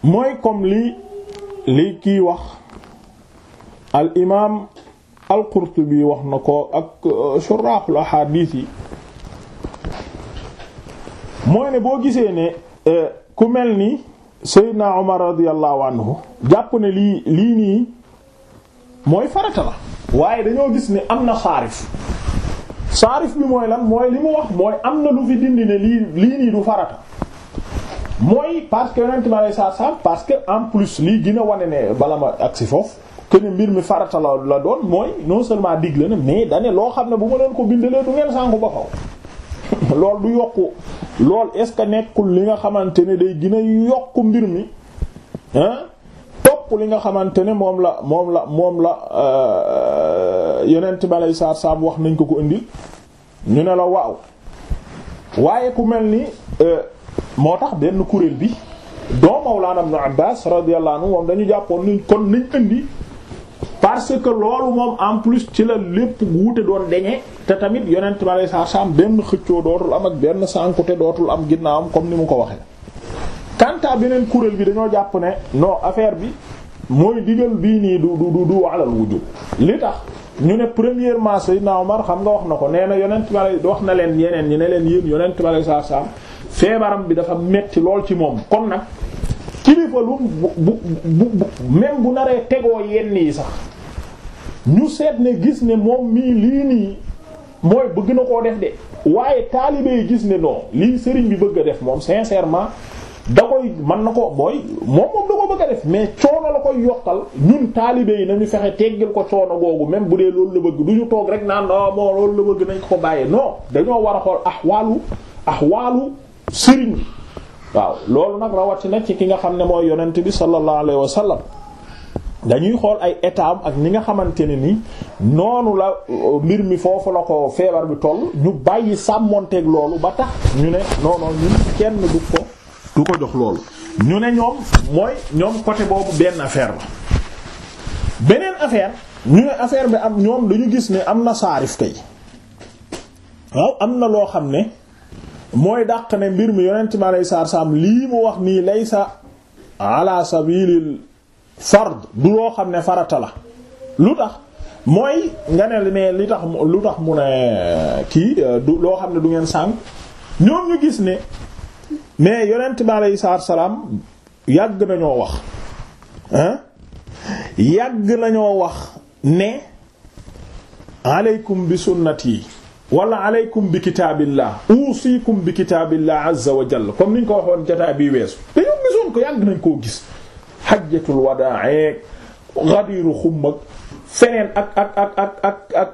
mooy comme lii li kii wax al imaam al qurtubi wax na ko ak euh, shuraaxul ahadith yi mooy ne boo gisee ne euh, ku mel ni Seydina Omar radiyallahu anhu jàpp ne lii lii nii mooy farata la waaye dañoo gis ne am na saarif saarif bi mooy lan mooy li mu wax mooy am na lu fi dindi ne lii lii nii du farata mooy parce que yonent mi alayhi salaatu salaam parce que en plus lii dina wane ne bala ma agsi foofu que mbir mi farata la la doon mooy non seulement digle na mais da ne loo xam ne bu ma doon ko bindalee du ngeen sànku ba faw loolu du yokku lool est-ce que nekkul li nga xamante ne day dina yokku mbir mi ah topp li nga xamante ne moom la moom la moom la euh, yonent mi alayhi salaatu wax nañ ko ko indil ñu ne la waaw waaye ku mel ni. Euh, moo tax benn kuréel bi doo Mawlaana Ibn Abbaas radiyallahu anhu moom dañu jàppoon ni kon nañ indi parce que loolu moom en plus ci la lépp wuute doon deñee te tamit yonent ma lay saa benn xëccoo dootul am ak benn te dootul am ginnaawam comme ni mu ko waxee. quant beneen kuréel bi dañoo jàpp ne non affaire bi mooy digal bii nii du du du alal wujub li tax ñu ne premièrement Seydina Omar xam nga wax na ko nee na yonent wax na leen yeneen ñu ne leen yéen yonent ma lay saa feebaram bi dafa metti lool ci moom kon nag kilifa lu bu bu bu même bu naree tegoo yenn yi sax ñu seet ne gis ne moom mii lii nii mooy bëgg na koo def de waaye taalibe yi gis ne non lii sëriñ bi bëgg a def moom sincèrement da koy mën na ko booy moom moom da ko bëgg a def mais coono la koy yokkal ñun taalibe yi nañu fexe teggil ko coono googu même bu dee loolu la bëgg du ñu toog rek naan non bon loolu la bëgg nañ ko bàyyee non dañoo war a xool axwaalu sëriñ bi waaw loolu nag rawatina ci ki nga xam ne mooy yonent bi sallallahu alayhi wa sallam dañuy xool ay état ak ni nga xamante ne ni noonu la euh, mbir mi foofu la ko feebar bi toll ñu bàyyi sàmmonteeg loolu ba tax ñu ne non non ñun kenn du ko du ko jox loolu. ñu ne ñoom mooy ñoom côté boobu benn affaire la beneen affaire ñu ne affaire bi am ñoom dañu gis ne am na saarif kay waaw am na loo xam ne. mooy dàq ne mbir mi yonent mi aleyhi salaatu lii mu wax nii laysa ala sabilil fard du loo xam ne farata la lu tax mooy nga ne lu tax mu ne kii du loo xam ne du ngeen sànk ñoom ñu gis ne mais yonent mi aleyhi salaatu salaam yàgg nañoo wax ah yàgg nañoo wax ne aleykum bi sunnati yi wala aleykum bi kitaabillah uusikum bi kitaabillah azza wa jalla comme niñ ko waxoon jotaay bi weesu dañu gisoon ko yàgg nañ koo gis xajjatul wadaa gadiru xummak feneen ak ak ak ak ak ak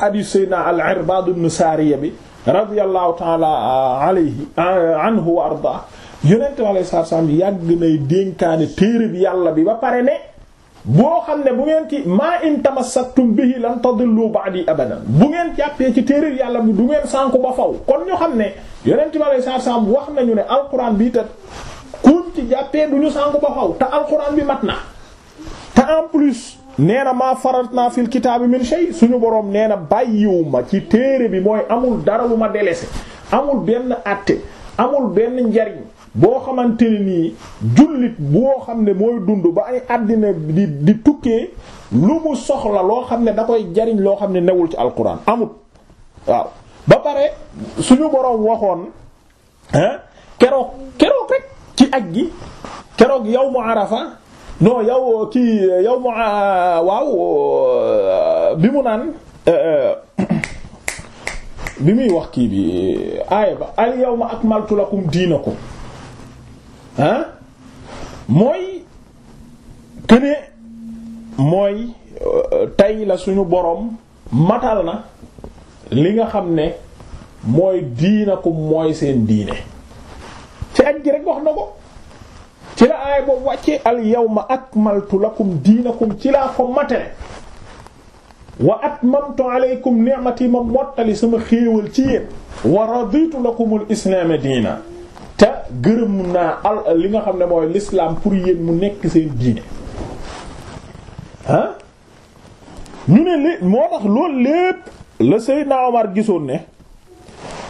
xadiis sayyidina al Irbaad ibn Saariya bi radiyallahu taala alayhi anhu wa arda yonente bi alayhi salaatu wa salaam yàgg nay dénkaane téere bi yàlla bi ba pare ne boo xam ne bu ngeen ci maa in tamassaktum bihi lan tadillu ba'di abadan bu ngeen jàppee ci téere yàlla bi du ngeen sànku ba faw kon ñu xam ne ti ma lay saar saam wax nañu ne alquran bii te kuñ ci jàppee du ñu sànku ba faw te alquran bi mat na te en plus nee na maa faratna fil kitaabi min shay suñu boroom nee na bàyyiwuma ci téere bi mooy amul dara lu ma délaissé amul benn àtte amul benn njariñ boo xamante ne nii jullit boo xam ne mooy dund ba ay àddina di di tukkee lu mu soxla loo xam ne da koy jariñ loo xam ne newul ci alquran amut waaw ba pare suñu boroom waxoon hein keroog keroog rek ci aj gi keroog mu arafa non yow kii yawmu waaw euh, bi mu naan euh, euh, bi muy wax kii bi aaya ba al yawma akmaltu lakum diinakum ah mooy que mooy euh, tey la suñu boroom matal na li nga xam ne mooy diina ku mooy seen diine ci aj gi rek wax na ko ci la aay boobu wàcce al yawma akmaltu lakum diinakum ci laa ko matale wa atmamtu alaykum ni'mati ma mottali sama xéewal ci yéen wa raditu lakumul islaama diina te gërëm na al li nga xam ne mooy lislaam pour yéen mu nekk seen diine ah ñu ne li moo tax loolu lépp la Seydina Omar gisoon ne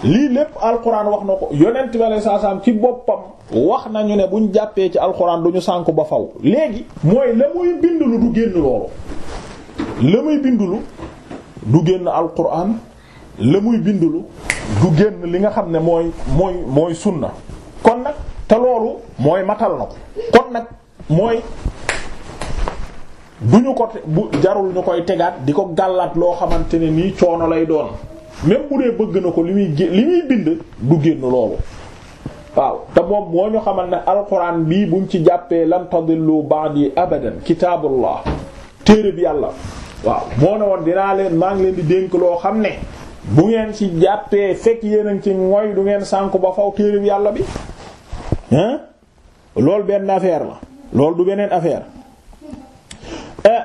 lii lépp alquran wax na ko yonent bi alayhi salaam ci boppam wax nañu ne buñ jàppee ci alquran duñu sànku ba faw léegi mooy la muy bindulu du génn loolu la muy bindulu du génn alquran la muy bindulu du génn li nga xam ne mooy mooy mooy sunna kon nag te loolu mooy matal na ko kon nag mooy du ñu ko bu jarul ñu koy tegaat di ko gàllaat loo xamante ne nii coono lay doon même bu dee bëgg na ko li muy li muy bind du génn loolu waaw te moom moo ñu xamal ne alquran bii buñ ci jàppee lan tadillu ba'di abadan kitaabullah téere bi yàlla waaw moo ne woon dinaa leen maa ngi leen di dénk loo xam ne bu ngeen ci jàppee fekk yéen ci mooy du ngeen sànku ba faw téere bi yàlla bi hein benn affaire la loolu du beneen affaire eh,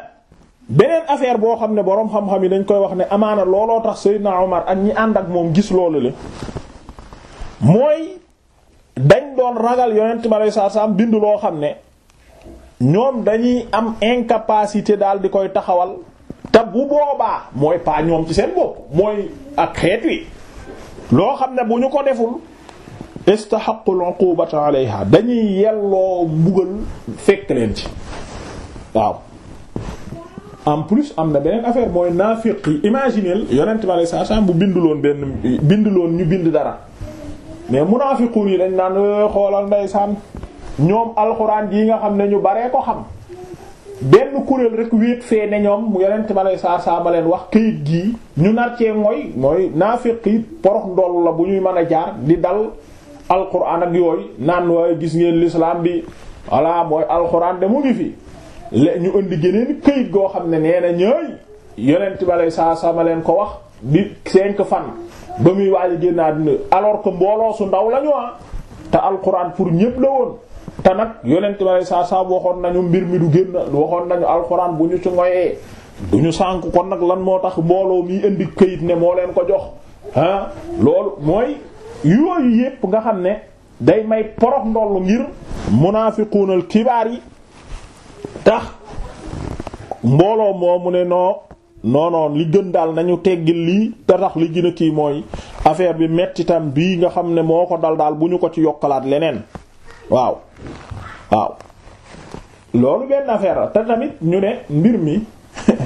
beneen affaire boo xam ne boroom xam-xam yi dañ koy wax ne amaana looloo tax Seydina Omar ak ñi ànd ak moom gis loolu la mooy dañ doon ragal yonent bi aleyhi salaatu salaam bind loo xam ne ñoom dañuy am incapacité daal di koy taxawal te bu boobaa mooy pas ñoom ci seen bopp mooy ak xeet wi loo xam ne bu ñu ko deful istaxaqul uqubata alayha dañuy yelloo mbugal fekk leen ci waaw en plus am na beneen affaire mooy naafiq yi imagineel yonent bi alayhi salaam bu binduloon benn binduloon ñu bind dara mais munaafiquun yi dañ naan xoolal ndeysaan ñoom alxuraan yi nga xam ne ñu baree ko xam benn kuréel rek wéet fee ne ñoom mu yonent bi alayhi salaam ma leen wax këyit gii ñu nar mooy mooy naafiq yi porox ndoll la bu ñuy mën a jaar di dal alquran ak yooyu naan waaye gis ngeen l'islam bi voilà mooy alquran de mu ngi fi le ñu indi geneen këyit goo xam ne nee na ñooy yonent bale saa sama leen ko wax bi cinq fan ba muy waaj génn àddina alors que mbooloo su ndaw lañu ñu ah. te alquran pour ñépp la woon. te nag yonent bale saa saa waxoon nañu mbir mi du génn waxoon nañu alquran bu ñu ci ngoyee du ñu sànk kon nag lan moo tax mbooloo miy indi këyit ne moo leen ko jox ah loolu mooy. yooyu yépp nga xam ne day may porox ndollu ngir munaafiquunal kibaar yi tax mbooloo moo mu ne noo noonoon li gën daal nañu teggil lii te tax li gën a kii mooy affaire bi mettitam bii nga xam ne moo ko dal daal bu ñu ko ci yokkalaat leneen waaw waaw loolu benn affaire la te tamit ñu ne mbir mi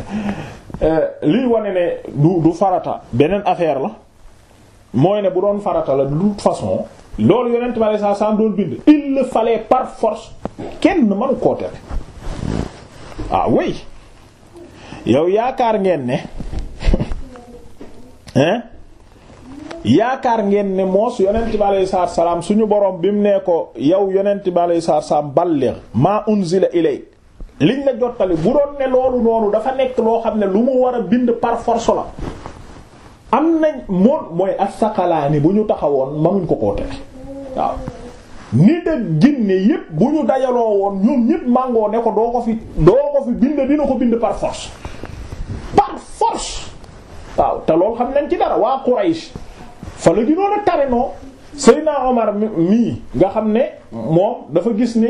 eh, liy wane ne du farata beneen affaire la mooy ne bu doon farata la de toute façon loolu yonent ma saa saa doon bind il fale par force kenn mënu koote tere ah oui yow yaakaar ngeen ne hein yaakaar ngeen ne moos yonent bi alayhi salaam suñu borom bi mu nee ko yow yonent bi alayhi salaatu salaam balligh maa unzila ilayk liñ la jottali bu doon ne loolu noonu dafa nekk loo xam ne lu mu war a bind par force la am na moom mooy as-saqalaani bu ñu taxawoon manuñ ko koo tere waaw nit ak jinne yépp bu ñu dajaloo woon ñoom ñépp màngoo ne ko doo ko fi doo ko fi bind dina ko bind par force waaw te loolu xam nañ ci dara waa Quraysh fa la ginoon a tare noo Seydina Omar mii nga xam ne moom dafa gis ne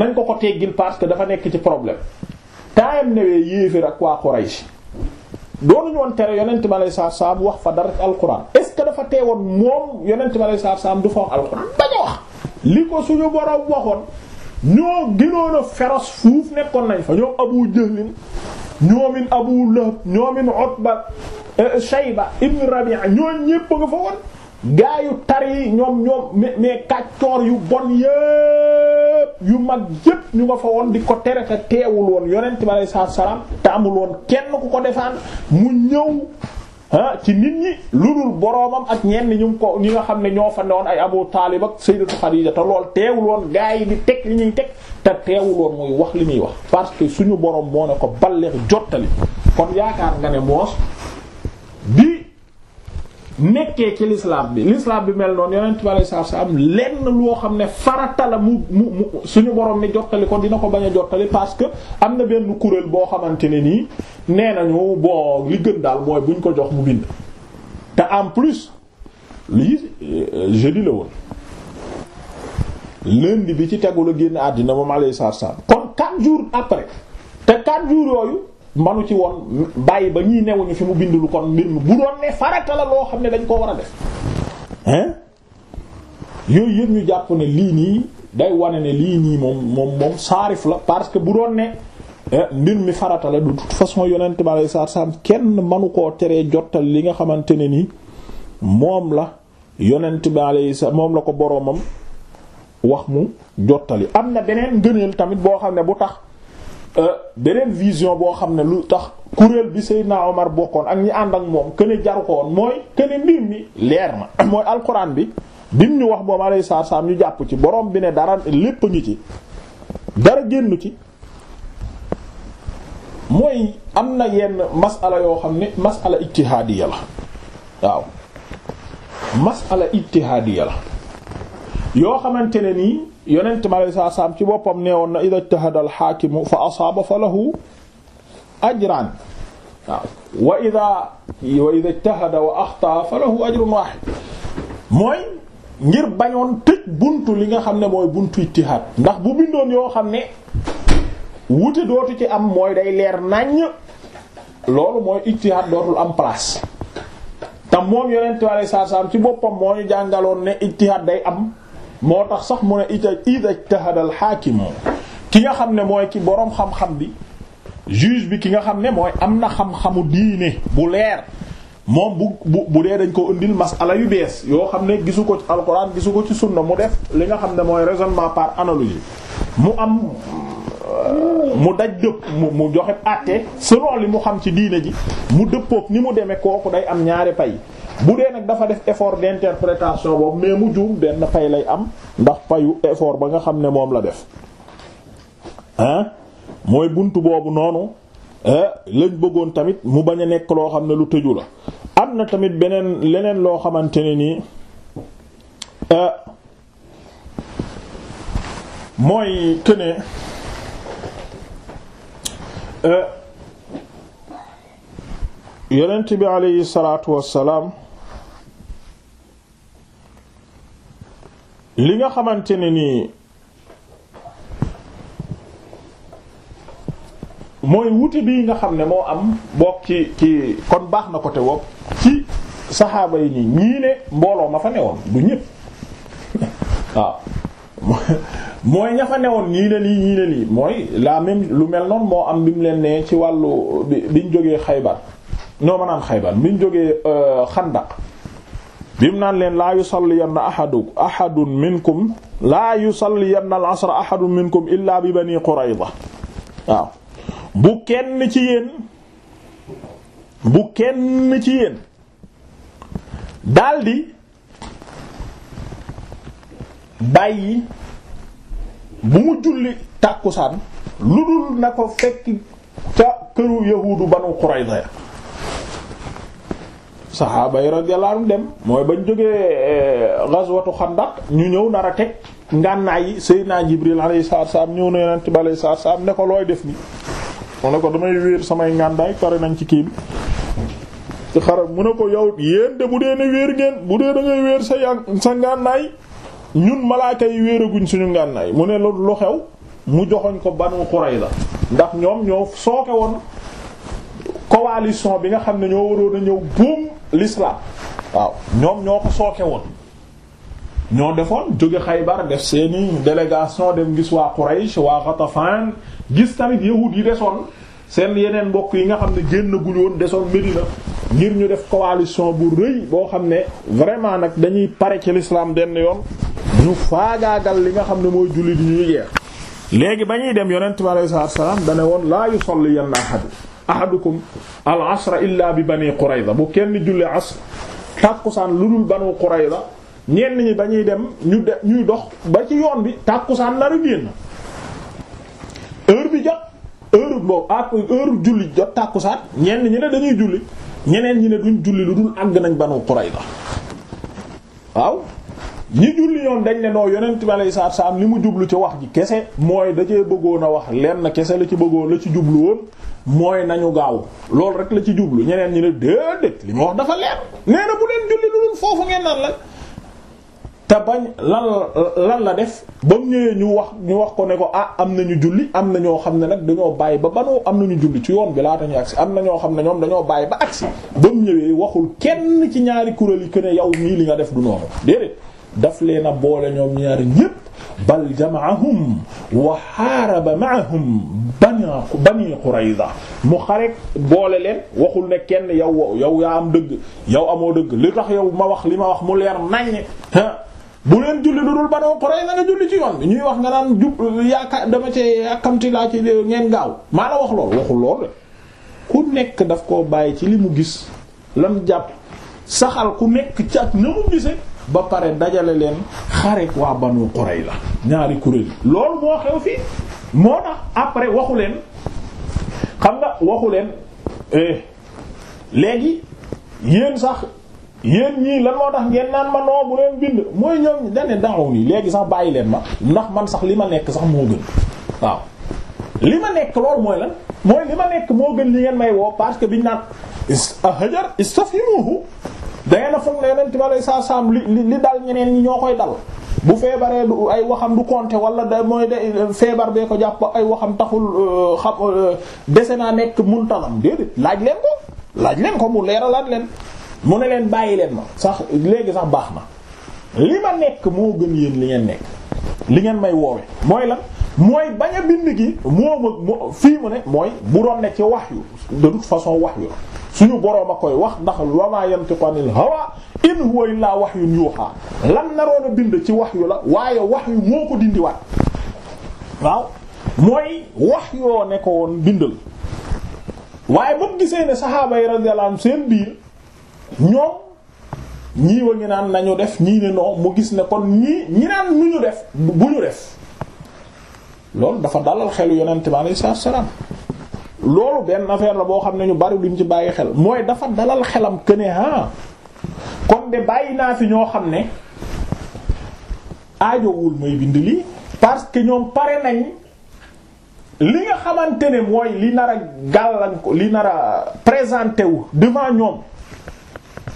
nañ ko ko teggil parce que dafa nekk ci problème taayam newee yéeféer ak waa Quraysh doonuñu woon tere yonent bi alayhi salaatu salaam wax fa dara ci alquran est-ce que dafa teewoon moom yonent bi alayhi salaatu salaam du fa wax alquran dañu wax li ko suñu borom waxoon ñoo gënoon feros fuuf nekkoon nañ fa ñoo Abu Jahlin ñoomin Abu Lahab ñoomin Utba eh, Shayba ibn Rabi'a ñoo ñépp nga woon gaayu tar yi ñoom ñoom mais kàccoor yu bon yëpp yu mag yëpp ñu nga fa woon di ko tere te teewul woon yonent bi aleyhi salaatu salaam te amul woon kenn ku ko defaan mu ñëw ci nit ñi lu dul boroomam ak ñenn ñu ko ñi nga xam ne ñoo fa newoon ay Abu Taalib ak Sayyidatu Xadiija te lool teewul woon gaa yi di teg li ñuy teg te teewul woon muy wax li muy wax parce que suñu borom moo ne ko balleex jottali kon yaakaar nga ne moos bi nekkee ci lislaam bi lislaam bi mel noonu yonent bi alayhi lenn loo xam ne farata mu mu mu suñu borom ni jottali ko dina ko bañ a jottali parce que am na benn kuréel boo xamante ne nii nee nañu boo li gën daal mooy buñ ko jox mu bind. te en plus lii euh, jeudi la woon lundi bi ci tegul la génn àddina moom alayhi salaatu kon 4 jours après te 4 jours yooyu. manu ci woon bàyyi ba ñuy newuñu fi mu bindulu kon mbir mi bu doon ne farata la loo xam ne dañ koo war a def hein yooyu yëpp ñu jàpp ne lii nii day wane ne lii nii moom moom saarif la parce que bu doon ne eh, mbir mi farata la de toute façon yonent bi alayhi salaatu salaam kenn manu koo teree jottal li nga xamante ne ni moom la yonent bi alayhi moom la ko boroomam wax mu jottali am na beneen ngëneel tamit boo xam ne bu tax Euh, beneen vision boo xam ne lu tax kuréel bi Seydina Omar bokkoon ak ñi ànd ak moom këne jaru ko woon mooy këne mbir mi leer na mooy alxuraan bi bim ñu wax moom alayhi salaam ñu jàpp ci borom bi ne dara lépp ñu ci dara génn ci mooy am na yenn masala yoo xam ne masala ijtihaadiya la waaw masala ijtihaadiya la yoo xamante ne nii yonent ma lay ci boppam nee woon na idha ijtahada al hakimu fa asaaba fa lahu ajran waaw wa idha wa idha wa axtaa fa lahu ajrun wahid mooy ngir bañoon tëj buntu li nga xam ne mooy buntu ijtihaad ndax bu bindoon yoo xam ne wute dootu ci am mooy day leer naññ loolu mooy ijtihaad dootul am place te moom yonent ma lay ci boppam moo jàngaloon ne ijtihaad day am moo tax sax mu ne ita ida ijtahada al hakim ki nga xam ne mooy ki boroom xam-xam bi juge bi ki nga xam ne mooy am na xam-xamu diine bu leer moom bu bu bu dee dañ ko indil masala yu bees yoo xam ne gisu ko ci alxuraan gisu ko ci sunna mu def li nga xam ne mooy raisonnement par analogie mu am euh, mu daj dëpp mu mu joxe àtte selon li mu xam ci diine ji mu dëppook ni mu demee kooku day am ñaari pay bu dee nag dafa def effort d'interprétation boobu mais mu juum benn pay lay am ndax payu effort ba nga xam ne moom la def ah mooy bunt boobu noonu eh, lañ bëggoon tamit mu bañ a nekk loo xam ne lu tëju la am na tamit beneen leneen loo xamante ne nii eh, mooy këne eh, yonent bi aleyhi salaatu wassalaam li nga xamante ne nii mooy wute bii nga xam ne moo am bokk ki ci kon baax na côté wopp ci saxaaba yi nii ñii ne mbooloo ma fa newoon du ñëpp waaw mooy nga fa newoon ñii ne lii ñii ne lii mooy la même lu mel noonu moo am bi mu leen nee ci wàllu bi biñ jógee xaybar ñoo ma naan xaybar biñ jógee euh, xandaq bi mu naan leen laa yusalliyanna ahadu ahadun minkum laa yusalliyanna al-asra ahadun minkum illaa bi bani Qurayza bu kenn ci yéen bu kenn ci yéen daldi bàyyi bu mu julli tàkkusaan lu dul na ko fekk ca këru yahuudu banu Qurayza saxaaba yi radiyallahu dem mooy bañ jógee eh, ghazwatu xandaq ñu ñëw nar a ngànnaay yi Seydina Jibril alayhi salaatu salaam ñëw na yonent bi alayhi salaatu salaam ne def ni mu ne ko damay wéer samay ngànnaay nañ ci kii bi mu ne yow yéen bu dee ne wéer ngeen bu dee da ngay wéer sa ya ñun malaaka yi wéeraguñ suñu ngànnaay mu ne lu xew mu joxoñ ko Banu Qurayza ndax ñoom ñoo sooke woon coalition bi nga xam ne ñoo waroon ñëw buum l'islam waaw ñoom ñoo ko sooke woon ñoo defoon jóge Xaybar def seeni délégation dem gis waa Quraysh waa Ghatafan gis tamit yahud yi desoon seen yeneen mbokk yi nga xam ne génn guñu woon desoon Medina ngir ñu def coalition bu rëy boo xam ne vraiment nag dañuy pare ci l'islam denn yoon ñu faagaagal li nga xam ne mooy julli di ñuy yeex léegi ba ñuy dem yonent bi alayhi salaam dane woon laa yusalli yanna ahad ahadukum al asra illa bi bani qurayza bu kenn jullee asr tàkkusaan lu dul banu qurayza ñenn ñi ba dem ñu de ñuy dox ba ci yoon bi tàkkusaan nar a génn heure bi jot heure boobu ak heure julli jot tàkkusaan ñenn ñi ne dañuy julli ñeneen ñi ne duñ julli lu dul àgg nañ banu qurayza waaw ñu julli yoon dañ ne noo yonent bi alayhi salaatu salaam li mu jublu ci wax ji kese mooy dajee bëggoon a wax lenn kese la ci bëggoon la ci jublu woon mooy nañu gaaw loolu rek la ci jublu ñeneen ñi ne déedéet li mu wax dafa leer nee na bu leen julli lu dul foofu ngeen naan la te bañ lan la def ba mu ñëwee ñu wax ñu wax ko ne ko ah am nañu julli am na ñoo xam ne nag dañoo bàyyi ba banoo am na ñu julli ci yoon bi laata ñu agsi am na ñoo xam ne ñoom dañoo bàyyi ba agsi ba waxul kenn ci ñaari kuréel yi que yow mii li nga def du daf leen a boole ñoom ñaar ñépp bal jamaahum wa xaaraba maahum bani Qurayza mu xarek boole leen waxul ne kenn yow yow yaa am dëgg yow amoo dëgg li tax yow ma wax li ma wax mu leer naññ ah bu leen julli du dul banoo Qurayza nga julli ci yoon bi ñuy wax nga naan jub yaaka dama ci yàkkamti laa ci ngeen gaaw wax lool waxul lool nekk daf koo bàyyi ci li mu gis lam jàpp saxal ku nekk ci ak na mu gisee ba pare dajale leen xareek waa Banu la ñaari kuréel loolu moo xew fii moo tax après waxu leen xam nga waxu leen eh, léegi yéen sax yéen ñii lan moo tax ngeen naan ma noo leen bind mooy ñoom dane daaw nii léegi sax bàyyi leen ma ndax man sax li ma nekk sax moo gën waaw li ma nekk loolu mooy lan mooy li ma nekk moo gën li ngeen may woo parce que biñ naan hajar istafhimuhu dangeen na foog ne yonent ba lay saa saam li li dal ñeneen ñoo koy dal bu feebaree du ay waxam du compter wala da mooy de feebar bee ko jàpp ay waxam taxul euh, xam euh, dese naa nekk muntalam déedéet laaj leen ko laaj leen ko mu leeralaat leen mu ne leen bàyyi leen ma sax léegi sax baax na li ma nekk moo gën yéen li ngeen nekk li ngeen may woowe mooy la mooy bañ a bind gi moo ma fii mu ne mooy bu doon ne ci wax yu de façon wax yu la suñu boroom a koy wax ndax wa ma yantiqu anil hawa in huwa illa wahyun yuha lan naroon a bind ci wax yu la waaye wahyu moo ko dindi waat waaw mooy wahyoo ne ko woon bindal waaye ba mu gisee ne saxaaba yi seen biir ñoom ñii wa nañu def ñii ne non mu gis ne kon ñii ñi naan nu ñu def bu ñu def loolu dafa dalal xelu yonent bi alayhi salaam loolu benn affaire la boo xam ne ñu bari duñ ci bàyyi xel mooy dafa dalal xelam que ne ah kon de bàyyi naa fi ñoo xam ne aajowul mooy bind lii parce que ñoom pare nañ li nga xamante ne mooy li nar a ko li nar a présenté wu devant ñoom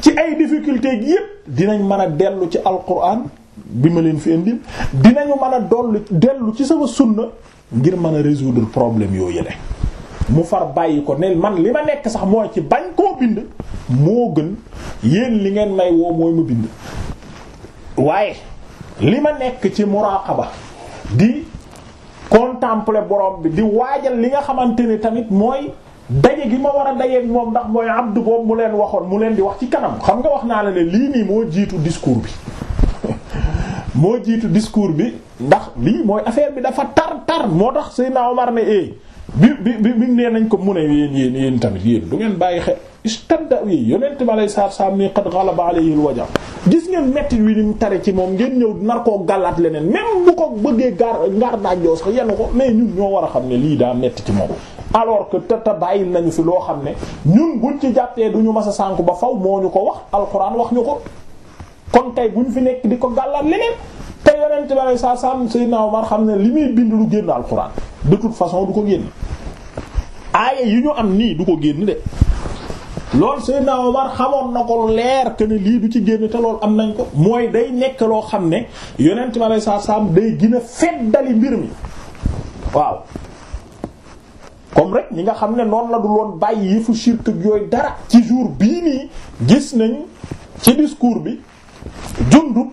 ci ay difficultés gi yépp dinañ mën a dellu ci alquran bi ma leen fi indil dinañu mën a dollu dellu ci sama sunna ngir mën a résoudre problème yoo yële mu far bàyyi ko ne man li ma nekk sax mooy ci bañ koo bind moo gën yéen li ngeen may woo mooy mu bind waaye li ma nekk ci muraqaba di contempler borom bi di waajal li nga xamante ne tamit mooy daje gi ma war a dajeeg moom ndax mooy abdu boobu mu leen waxoon mu leen di wax ci kanam xam nga wax naa la ne lii nii moo jiitu discours bi moo jiitu discours bi ndax lii mooy affaire bi dafa tar tar moo tax Seydina Omar ne eh bi bi bi bi nee nañ ko mun ne yéen yéen yéen tamit yéen du ngeen bàyyi xel istadda yi yonent ma lay saar saam ni qad ghalaba alayhi al-wajh gis ngeen metti wi ni mu tare ci moom ngeen ñëw nar koo gàllaat leneen même bu ko bëggee gaar ngaar daajoo sax yenn ko mais ñun ñoo war a xam ne lii daa metti ci moom alors que te tata bàyyi nañu fi loo xam ne ñun buñ ci jàppee duñu masa sànku ba faw moo ñu ko wax alxuraan wax ñu ko kon kay buñ fi nekk di ko gàllaat leneen te yonent bi alayhi salaam Seydina Omar xam ne li muy bind lu génn alxuraan de toute façon du ko génn aaya yi ñu am nii du ko génn de loolu Seydina Omar xamoon na ko leer que ne lii du ci génn te loolu am nañ ko mooy day nekk loo xam ne yonent bi alayhi salaam day gën a feddali mbir mi waaw comme rek ñi nga xam ne noon la du loon bàyyi yëfu shirk yooyu dara ci jour bii nii gis nañ ci discours bi Jundub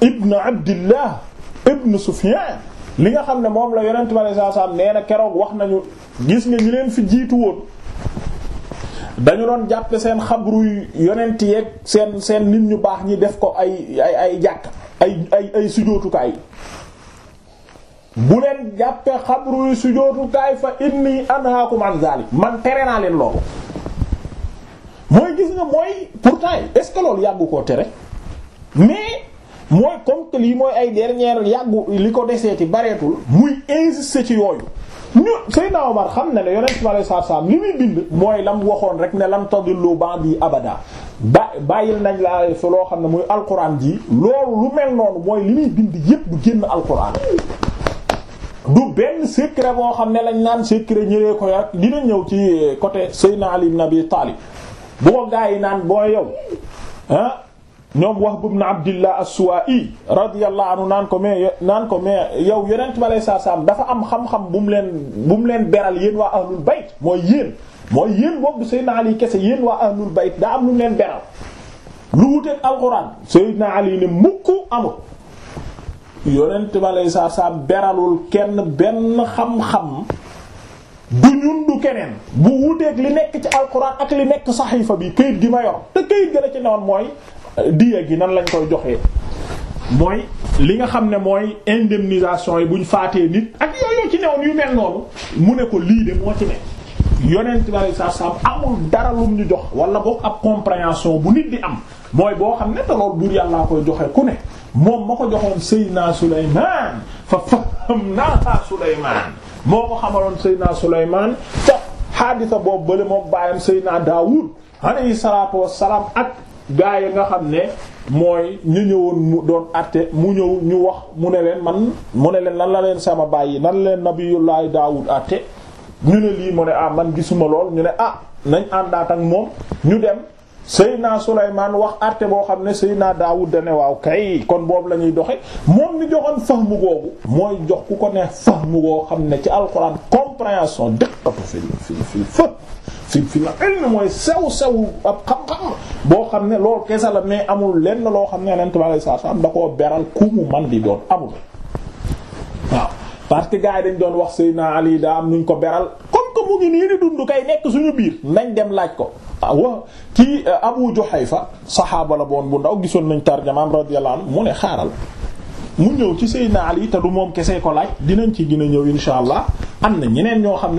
ibn abdillah ibn sufyan li nga xam ne moom la yonent bi alayhi salaam nee keroog wax nañu gis nga ñi leen fi jiitu woon dañu doon jàppe seen xabru yonent yeeg seen seen nit ñu baax ñi def ko ay ay ay jàkk ay ay ay bu leen jàppe xabru yu sujootukaay fa inni anhaakum an zalik man tere naa leen loolu mooy gis nga mooy pourtant est-ce que yàggu koo tere mais mooy comme que lii mooy ay dernière yàggu li ko deseeti bareetul muy insister ci yooyu ñu Seydina Omar xam ne yonent bi alei satu salaam li muy bind mooy lam waxoon rek ne lu tadillu ba'di abada bàyyil nañ la fi loo xam ne muy alquran ji loolu lu mel noonu mooy li muy bind yépp du génn alquran du benn secret moo xam ne lañ naan secret ñëree ko yor dina ñëw ci côté Seydina Ali ibn Abi Talib bu ko gaa yi naan boo yow ah, ñoom Wahb ibn Abdillah as-Suwa'i radiyallahu anhu naan ko mais naan ko mais yow yonent bi alayhi salaam dafa am xam-xam bu mu leen bu leen beral yéen waa ahlul bayt mooy yéen mooy yéen boobu Seydina Ali kese yéen waa ahlul bayt daa am lu mu leen beral lu wuteeg alxuraan Seydina Ali ne mukk amul yonent bi alayhi salaam beralul kenn benn xam-xam du ñun du keneen bu wuteeg li nekk ci alxuraan ak li nekk saxiifa bi kayit gi ma yor te kayit gi la ci newoon mooy diya gi nan lañ koy joxee mooy li nga xam ne mooy indemnisation yi buñ faatee nit ak yooyu ci newoon yu mel noonu mu ne ko lii de moo ci ne yonent bi alayhi ñu jox wala boog ab compréhension bu nit di am mooy boo xam ne te loolu joxe ku ne moom ko joxoon Seydina Souleymane fa fahamnaa Souleymane ko xamaloon Seydina Souleymane te xaadisa boobu bële moom bàyyam Seydina Daoud alayhi salaatu wassalaam ak. gaa yi nga xam ne mooy ñu ñëwoon mu doon àtte mu ñëw ñu wax mu ne leen man mu ne leen lan la leen sama bàyyi nan la leen nabiyullahi daawud àtte ñu ne lii mu ne ah man gisuma lool ñu ne ah nañ àndaat ak moom ñu dem Seydina Souleymane wax àtte boo xam ne Seydina Daawud da ne waaw kay kon boobu la ñuy doxe moom mi joxoon fahmu googu mooy jox ku ko neex fahmu goo xam ne ci alxuraan compréhension diqqatu fi fi fi fët fi fi la ilm mooy sew sew ab xam-xam boo xam ne loolu kese la mais amul lenn loo xam ne Yonent bi sallallahu alayhi wasallam da koo beral ku mu man di doon amul waaw. parce que gars yi dañ doon wax Seydina Ali daa am nuñ ko beral comme que mu ngi nii ni kay nekk suñu biir nañ dem laaj ko wa kii euh, Abu Juhayfa saxaaba la boon bu ndaw gisoon nañ tarjamaam radiyallahu anhu mu ne xaaral mu ñëw ci Seydina Ali te du moom kese ko laaj dinañ ci gën a ñëw insha allah am na ñeneen ñoo xam ne